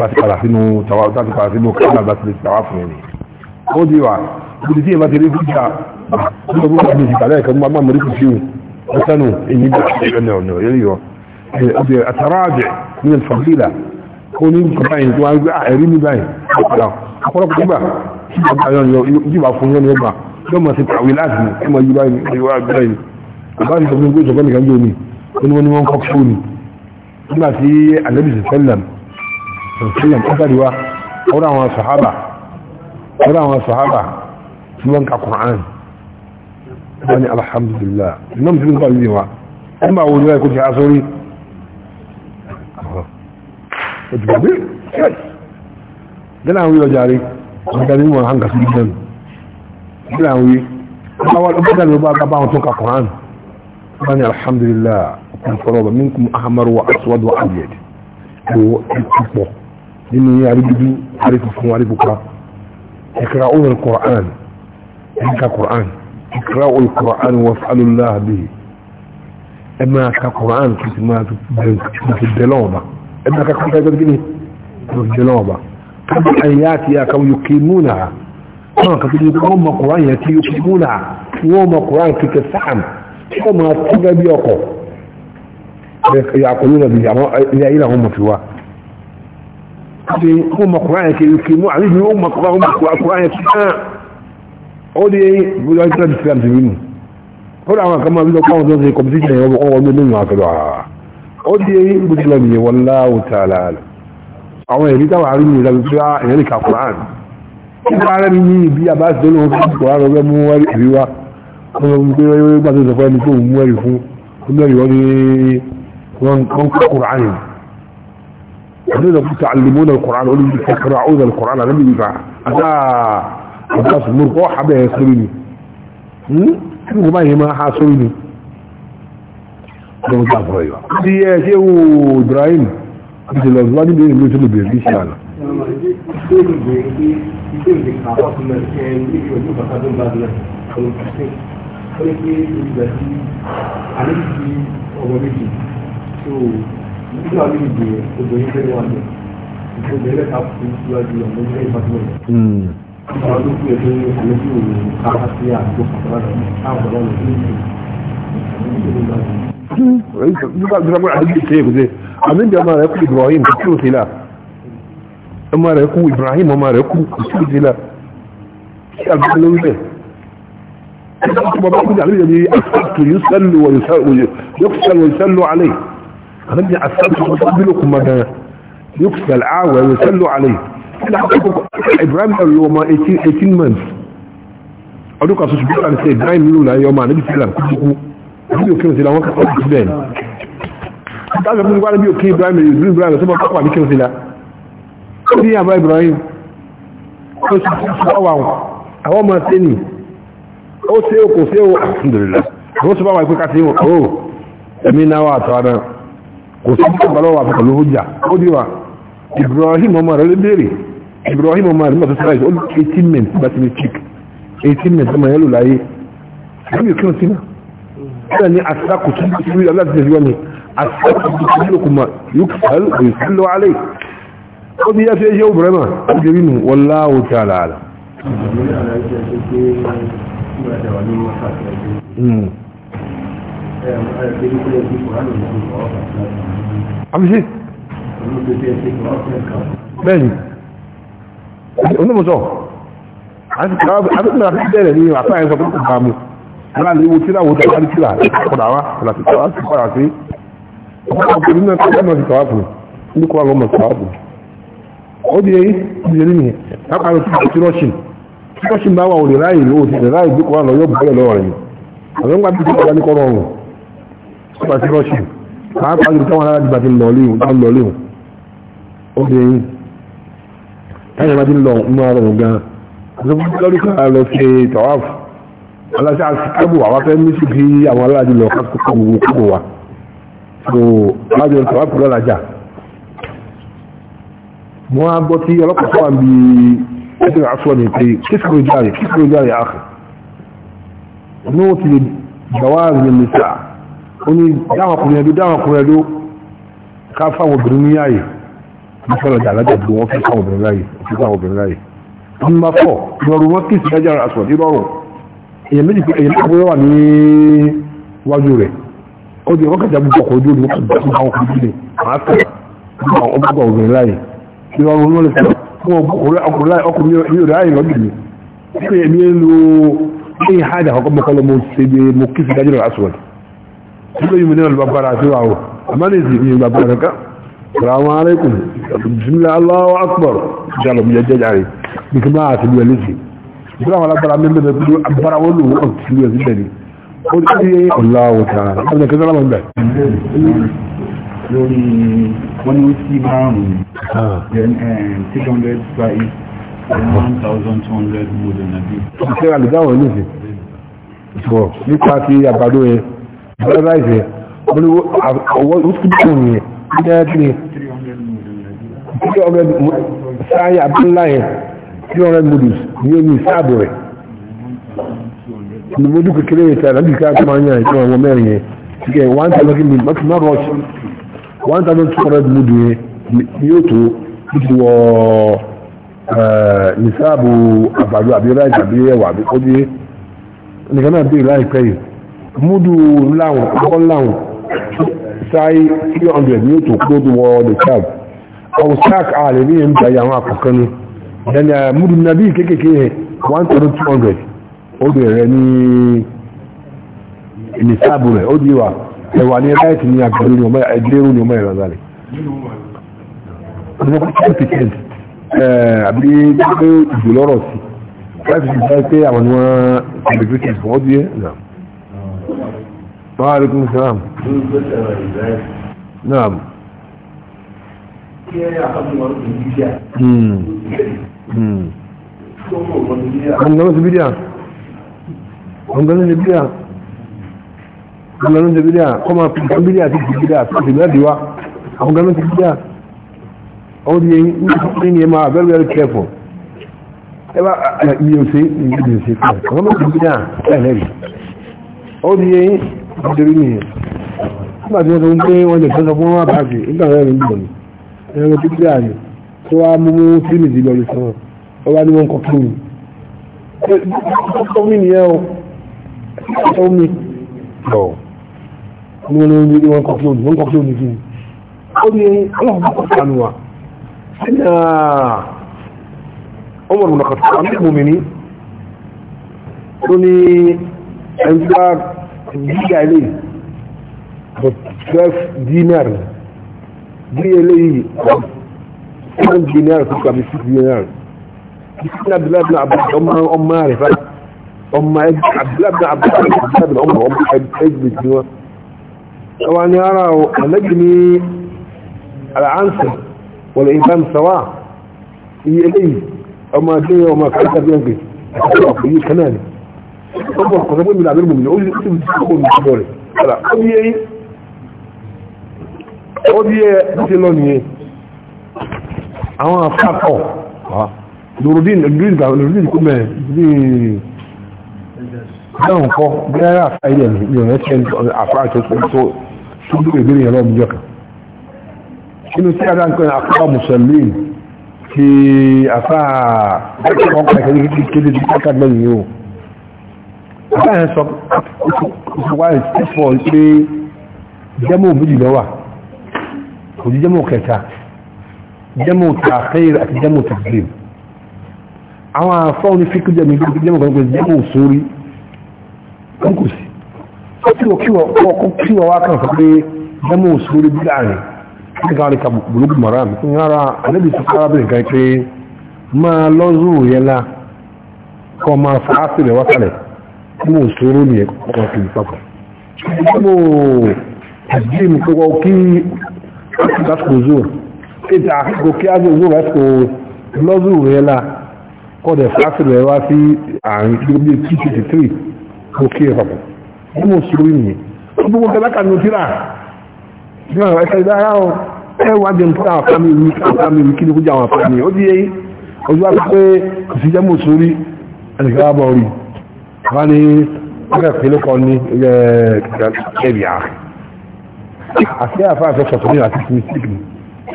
bá ti padà sínú tàwa láti padà sínú kọ́nà bá ti lè tàwa fún ẹni ó di wà ibi tí ìbá ti rí fújà nígbà gbogbo àti ìsìkàlẹ̀ ẹ̀kọ́ máa mọ̀ rí kùsíù ọ̀sánù èyí bá ti rẹ̀ ọ̀nà أتراجع من الفضيلة كوني باين كوني أعريني باين أقولك جبا جبا فنان يبا لما تتعويلات كما يباين يواعد باين أباني تقول نقول جباني كان يومي كن وني وان كفشوني كما في النبي صلى الله عليه وسلم أثروا أولا صحابة أولا صحابة سوانك قرآن يعني الحمد لله النمس من قال لي ما أما أقول لا في عصري òtùgbàgbé church gánà àwọn ìlọjà rí ọ̀gá ní wọn hanga sí ìgbẹ́nu gánà àwọn yìí ọgbọ́dà ló bá gábá àwọn tó ka Quran bá ní alhamdulillah ọkùnrin fọlọ́ ọba minkum ahmar wa aswad wa abiyad wo ìpọ̀ nínú yìí arídúdú arífò máa ka Quran kìí máa ابنك كنت يقول جنيه الجنوبة قبل أن ياتي كو يقيمونها كما كتب يوم قرآن ياتي يقيمونها يوم قرآن كيك السحم كما تبقى بيوكو يعقلون بجماعة إلى إلى هم فيها يوم قرآن كي يقيموا عليه يوم قرآن قرآن كيك أولي بلا يترى بسلام تبينه قل عما كما بيضا قوم ذنزي كمسيجنا يوم قوم ذنزي كمسيجنا ó di eyín gbogbo lọ nìyẹn wallahu ta'ala alam àwọn èrí táwọn àrí ní ìlànà tó yá èyàn lè ka Qur'an nípa ara mi ní ibi àbáṣe tó lóun fún Qur'an ọgbẹ́ mú wẹ́rí èrí wa wọ́n lọ gbé wẹ́rí gbà tó sọ fún ẹni tó mú wẹ́rí fún ọmọ èrí wọn ní wọn kọ́ Qur'an yìí wọ́n lọ fún ta'allimuna al-Qur'an ó ní bí kẹkẹrọ àwọn al-Qur'an àti bí fa àtà àbáṣe mú kọ́ àbẹ̀ sórí ni kí ni mo bá yẹ máa ha sórí ni tó ń gbàgbọ́ ìwà. Bí ẹ ṣe wo Ibrahim ti lọ wá níbi ìlú tó lè bèrè ní ìṣẹ́ àná. Mm. Àwọn tó kú ẹ̀ṣẹ́ ní àlejò òun káàkiri àti àgbò pàtàkì àwọn ọ̀dọ́ ọ̀dọ́ ní ìlú. àmì ìjọba rẹ̀ kú Ibrahim kò tí ó sí láà ọmọ rẹ̀ kú Ibrahim ọmọ rẹ̀ kú kò tí ó sí láà kí àgbà ló ń bẹ̀ ọmọ bá kúrò àlébìyàn ní asàtù yóò sẹ́lù wọ̀ yóò sẹ́lù alẹ́ àlébìyàn asàtù wọ́n tó bílò kùmà gan yóò sẹ́lù àwẹ̀ yóò sẹ́lù alẹ́ Ibrahim lọ ọmọ 18 months ọdún kan sọ ṣùgbọ́n àti Ibrahim lò láyé ọmọ àlébìyàn kúkú bí òkè òsìlá wọn kọ́ jù bẹ́ẹ̀ ni táwọn ẹ̀fún wá bí òkè Ibrahim ìlú Ibrahim tó bá kọ́ wà ní kérosìlá ó bí àbá Ibrahim ó sì sọ ọwà àwọn ọmọ ṣe nì ó ṣe ó kò ṣe ó àtúndòrìlá àwọn sọ bá wà pé ká ṣe ó ẹ̀mí náà wà àtọ́ náà kò sí bí ọ̀gbà lọ́wọ́ àfikọ̀ ló hujja ó bí wa Ibrahim ọmọ rẹ̀ ló béèrè Ibrahim ọmọ rẹ̀ mọ̀tò sọ́ra ìṣó 18 men bá ti ní chick 18 men tó mọ̀ yẹn lò láyé ẹ̀mí òkè òsìlá أنا أني أسرق تبقى لا تجواني أسرق تبقى يكسل ويسل عليه قد يأتي أجي أبرما أجبينه والله تعالى أعلم عمشي بني أنا مصاب عارف عارف ما بحبنا ليه وعفاين فبقى aláàlẹ́ wo tíra wo tàbí àti tíra padà wá láti tọ́wá sí padà sí ọkọ̀ òkè nínú ẹ̀kọ́ náà ti tọ́wá fún un ní kó wà lọ́mọ tọ́wá fún un. ó di èyí ti di nìyẹn lápá ló ti ti rọ́ṣìn tí rọ́ṣìn bá wà òde láàyè lówó ti ráàyè bí kò wà lọ yọ bọ́ọ̀lẹ̀ lọ́wọ́ rẹ̀ aláṣà kábù àwọn afẹ́ ní sí bí àwọn aláàjì lọ kábù kábù wa so aláàjì lọ sọ̀rọ̀ pẹ̀lú alájà wọ́n á gbọ́ tí ọlọ́pàá tó wà ń bi ẹ̀sìn àṣọ ní pé kíkúrò járe kíkúrò járe àkè ní ó ti lè gbàwá ní mẹ́ta ó ní dáwọn ọkùnrin ẹ̀dó dáwọn ọkùnrin ẹ̀dó ká fáwọn obìnrin ní ààyè ní sọ̀rọ̀ jà alájà bí wọ́n fi fáwọn obìnrin láàyè fi fáwọn obìnrin láàyè wọ́n máa fọ̀ ìrọ̀rùn wọn kì í sí ajára àṣọ ìrọ̀rùn èyàn méjì èyàn àbúrò wà ní wájú rẹ̀ ó di ọkọ̀jà bú ọkọ̀ ojú omi ọkọ̀ àwọn ọkọ̀ ìdílé máa kọ̀ àwọn ọmọkọ̀ obìnrin láyè tí wọ́n rún lọ́lẹ̀ fún ọkùnrin láyè ọkùnrin ní òdà láyè lọ́dún mi pé èmi ń lo ní ìhádà ọkọ̀ mọ́kọ́ lọ mo ṣe bí mo kí fi dájọ́ rẹ̀ aṣọ rẹ̀ tí lóyún mi ní ọlọ́ba bára àti wa o ìgbà wọn lágbára mẹ́lẹ́ bẹ́ẹ̀ pé agbára wọn lò wọ́n ti lè síbẹ̀ ni ah. eh, ah. ó ti ṣe ọ̀la ọ̀tà ọ̀tà kẹsàn-án lọ́wọ́ níbẹ̀. lórí wọn ni wọ́n ni ó ti bí ní ẹ̀ẹ́dínlẹ̀ three hundred sáyà abdullahi three hundred modus o omi sáàbù rẹ̀ ní mojú kékeré yẹn tààrà níbi ká tó máa ń yàn ìtàn àwọn mẹ́rin yẹn kíkẹ́ one thousand kìíní mọ́tò náà rush one thousand two hundred modus yẹn ni yóò tó bí ti wọ eh, ní sáàbù àbàdo àbí ráìsì àbí ẹwà àbí kọ́jú yẹn nìkan náà bí láìpẹ́ yìí múdù láwọn akọ́ láwọn sáyé three hundred ni yóò tó kó tó wọ the cab ọ̀sák àlè ní ẹ̀ ń tàyà àwọn àkọ́kọ́ ni ẹni àmúdù nàbí kéèkéé ẹ̀ 1200 ó bẹ̀rẹ̀ ní ìnìsáàbù rẹ̀ ó díwà ẹwà ní ẹ̀láìtì ní àgbẹ̀rún ní ọmọ ẹgbẹ̀rún ní ọmọ ìrànlá rẹ̀ àbí gbé ìjòlọ́rọ̀ sí láti fi jẹ́ pé àwọn wọn ìgbẹ̀gbẹ̀kẹ̀ fún ọdún yẹn náà Wàhálùkún Sàám. Náà. Kí ẹ àkọ́kọ́ ọdún ìgbìyà ọmọdé ti bídíà ọmọdé ti bídíà ọmọdé ti bídíà kọ́mọ pínpín bídíà ti bídíà ti bídíà diwa ọmọdé ti bídíà ọmọ ti yẹn ní ní ẹ máa very very careful ẹ bá mi ò sí mi ò sí ọmọdé ti bídíà ẹ lẹ́yìn ọmọ ti yẹn ọmọdé ti yẹn nígbà tí wọ́n sọ pé wọ́n lè tọ́sọ fún wọn bá ṣe nígbà tí wọ́n lè ń bọ̀ ní ẹ̀rọ bídíà ni tó wá mú fíìmù sí lọ́rí sọ́rọ̀ ó wá ní wọ́n kọ́ kí ni ọkọ̀ mi nìyẹn o ọkọ̀ mi lọ ní wọ́n lórí ní wọ́n kọ́ kí ni wọ́n kọ́ kí ni kí ni ó ní ọlọ́run kọ́ kí ni wa sínú ọmọ ọmọ ọkọ̀ tó wà mú ní ó ní ẹni tó ilé but twelve dinar bí eléyìí one dinar fún kàbí six dinar bisin abdullahi bin abbas ọmọ ọmọ rẹ fa ọmọ ẹgbẹ abdullahi bin abbas abdullahi bin ọmọ ọmọ ẹgbẹ tí wọn ọwọ ni ara ọ anabi ni al'ansa wọlé nǹkan sawa iye eléyìí ọmọ adéyẹ ọmọ kàkà bí ẹgbẹ àti ọkọ yìí kanáà ni ọmọ ọkọ sọgbọn mi làbẹrẹ mọmìnira ó yẹ kí ọkọ mi sọgbọn rẹ ọdí yẹ ọdí yẹ ti lọ nìyẹn àwọn afáàkọ̀ lòrùdín lòrùdín lòrùdín kó mẹ́rin lòrùdín dáhùn kọ́ gẹ́rẹ́ àfáìlẹ̀ ìrìnlẹ̀ tẹ́ àfáàkọ̀ tó tó dúró ìbéèrè yẹn lọ́mú jọ́kà inú tí a dá ń pẹ́ àfáà mùsùlùmí ti àfáà ẹ̀kọ́ pẹ̀kẹ́ kéde tí káká mẹ́rin yìí o àfáà yẹn sọ ìṣòwò àìsí pé jẹ́mọ̀ méjì lọ́wà kò jí jẹ́mọ̀ kẹta jẹ́mù tààkìrì àti jẹ́mù tààkìrì àwọn afọ́ ní fíkú jẹ́mù jẹ́mù kan pé jẹ́mù sórí kò sí kíwọ kíwọ ọkọ̀ kíwọ wá kan sọ pé jẹ́mù sórí bí láàrin ní káwọn ní kàbùkù mara mi ní ara alẹ́bí sọ kára bí pé máa lọ́zù yẹn la kọ́ máa fa ásìrì wá kalẹ̀ ni ẹ̀kọ́ kan kì í papọ̀ jẹ́mù tàbí kọ́kọ́ kí lásìkò zoro ètò àkókò kí á gbogbo lásìkò lọ́zù rẹ̀ la kọ́dẹ̀ fásitì rẹ̀ wá sí àárín tó bí two twenty three kò kí ẹ papọ̀ bí mo sọ yìí ó gbogbo kẹlá kan ní tíra ní àwọn ẹ̀ka ìdárayá o ẹ wá jẹun tí àwọn afámi mi àwọn afámi mi kí ni kó jẹ àwọn afámi ó di yẹn ojú wa pé kò sí jẹ́ mo sọ rí ẹnìkan wá bọ̀ rí wá ní ọkọ̀ ìpínlẹ̀ kan ní ẹ̀ẹ́dẹ̀ẹ́bìà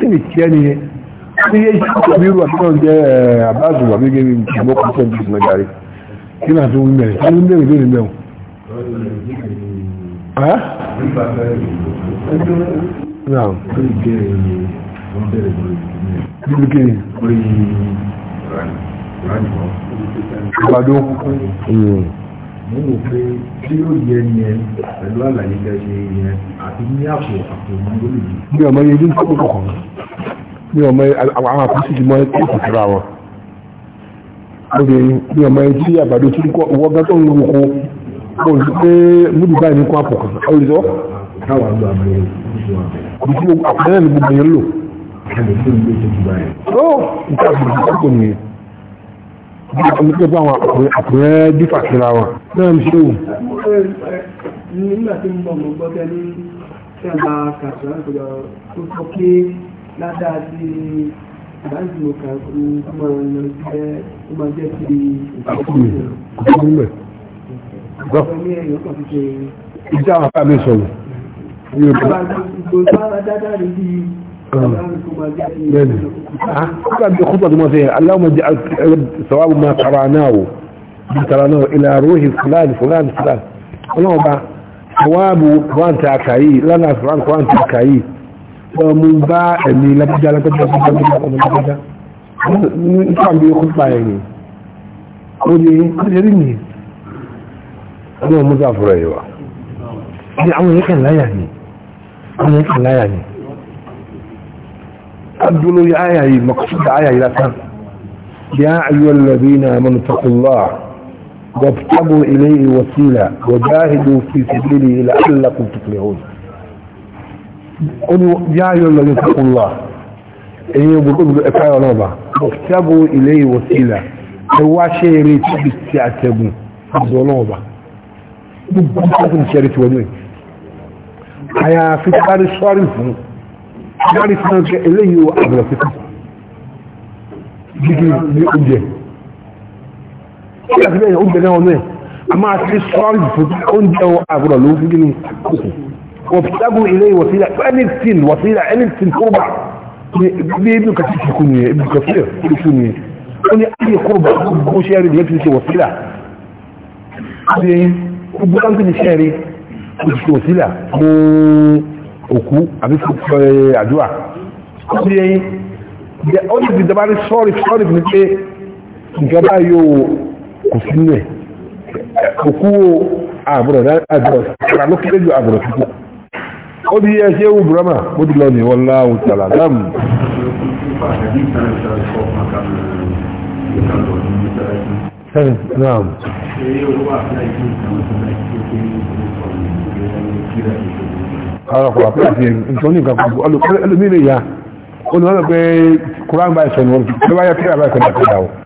Eh, kí ni kí ẹni yẹn kí yé ìṣòro bí irú àbíkọ́ jẹ́ àbáàzù wà gẹ́gẹ́ bí ìgbọ́ púpọ̀ bí ìsinmi gàrí kí náà tó ń bẹ̀rẹ̀ tó ń bẹ̀rẹ̀ lórí bẹ̀rù. Bíbí kí ni? mo rò pé tí yóò yẹ ni ẹ pẹ̀lú àlàyé gẹ́gẹ́ yẹn àti ní àpò àpò mọ́ngòlì yìí. mi ò mọ iye yín kọ́kọ́ kọ̀ọ̀kan mi ò mọ àwọn àkúsí ti mọ ètò ìtura wọn. obìnrin mi ò mọ iye tí àgbàdo tí wọ́n gbá tó ń lu oko mo rò pé múdù báyìí ní kó àpò kan ó lè sọ. káwa ló àmọ́ ẹ̀ kò sí àpẹẹrẹ ní gbogbo yẹn lò. àlè fún mi ló ti jù báyìí. ó nǹkan àgbègbè kọ́kọ́ nìyẹn. bí a kọ́ ní pé báwọn àpẹẹrẹ dífà síra wọn náà ṣe wù. nígbà tí mo mọ̀ gbọ́dọ̀ ní ṣẹ́ńbà kàtàkùn àgbàdo tó sọ pé ládàá sí ìdájú mo kà kú kó máa yan jẹ́ kó máa jẹ́ sí ìgbàkúnmẹ̀. ìjà àpá mi sọ̀rọ̀. بين أخطأ ما فيه اللهم اجعل ثواب ما قرأناه bìtàránà ilẹ̀ àróhì fúláàdì fúláàdì fúláàdì ọlọ́ọ̀bá wáàbù kwáǹtà àkàyí lánà fúláàdì kwáǹtà àkàyí wọ́n mú bá ẹ̀mí lápújá lápújá lápújá ọmọ lápújá nípa bí okùn pa ẹ̀yìn ó ní kọjẹ́rì ní ọlọ́ọ̀ mú sáfúrọ̀ ẹ̀yọ́ ní àwọn yẹ́kẹ̀ láyà ni àwọn yẹ́kẹ̀ láyà ni adúlóyè áyà yìí mọ̀kọ́sọ́dà áyà yìí látàn يا أيها الذين آمنوا اتقوا الله وابتغوا إليه وسيلة وجاهدوا في سبيله لعلكم تفلحون قل يا أيها الذين اتقوا الله إن بقول إفاية رابعة وابتغوا إليه وسيلة هو شيري تبي تعتبوا ظلوبة بقول شريت ودوي حيا في تاري الشريف تعرف أنك إليه وأبلغ في تجي بأجه kí àti bẹ́ẹ̀ oúnjẹ náà ọ̀nà ẹ̀ a máa ti sọ́ọ̀rì oúnjẹ àgbọ̀dọ̀ ló fi gíní wọ̀pítàgùn ilé wọ̀sílà anything wọ̀sílà anything kúrúbà bí ibi kàtí ìṣẹ́kù ni ibi kàtí ìṣẹ́kù ni ó ní ayé kúrúbà ó ṣe rí lẹ́tí ṣe wọ̀sílà ṣe gbogbo káńtì ní ṣe rí ṣe wọ̀sílà mú òkú àbí àdúrà ó ní ti dábàá ní sọ́ọ̀rì sọ́ọ̀rì kò sí ní ẹ̀ òkú àbúrò àbúrò kàrà ló kéré ju àbúrò kíkó ó di yẹ ṣé ó burama ó ti lọ ní wọn láwùn tàlà dáàmù. Naam. Ara kò àpẹ́ àti nǹkan ní nǹkan gbogbo ẹlòmíràn ya. Ó ní wọ́n lọ pé Kùrán báyìí sọ ni wọ́n fi pé wáyé kíra báyìí sọ ni àpẹ́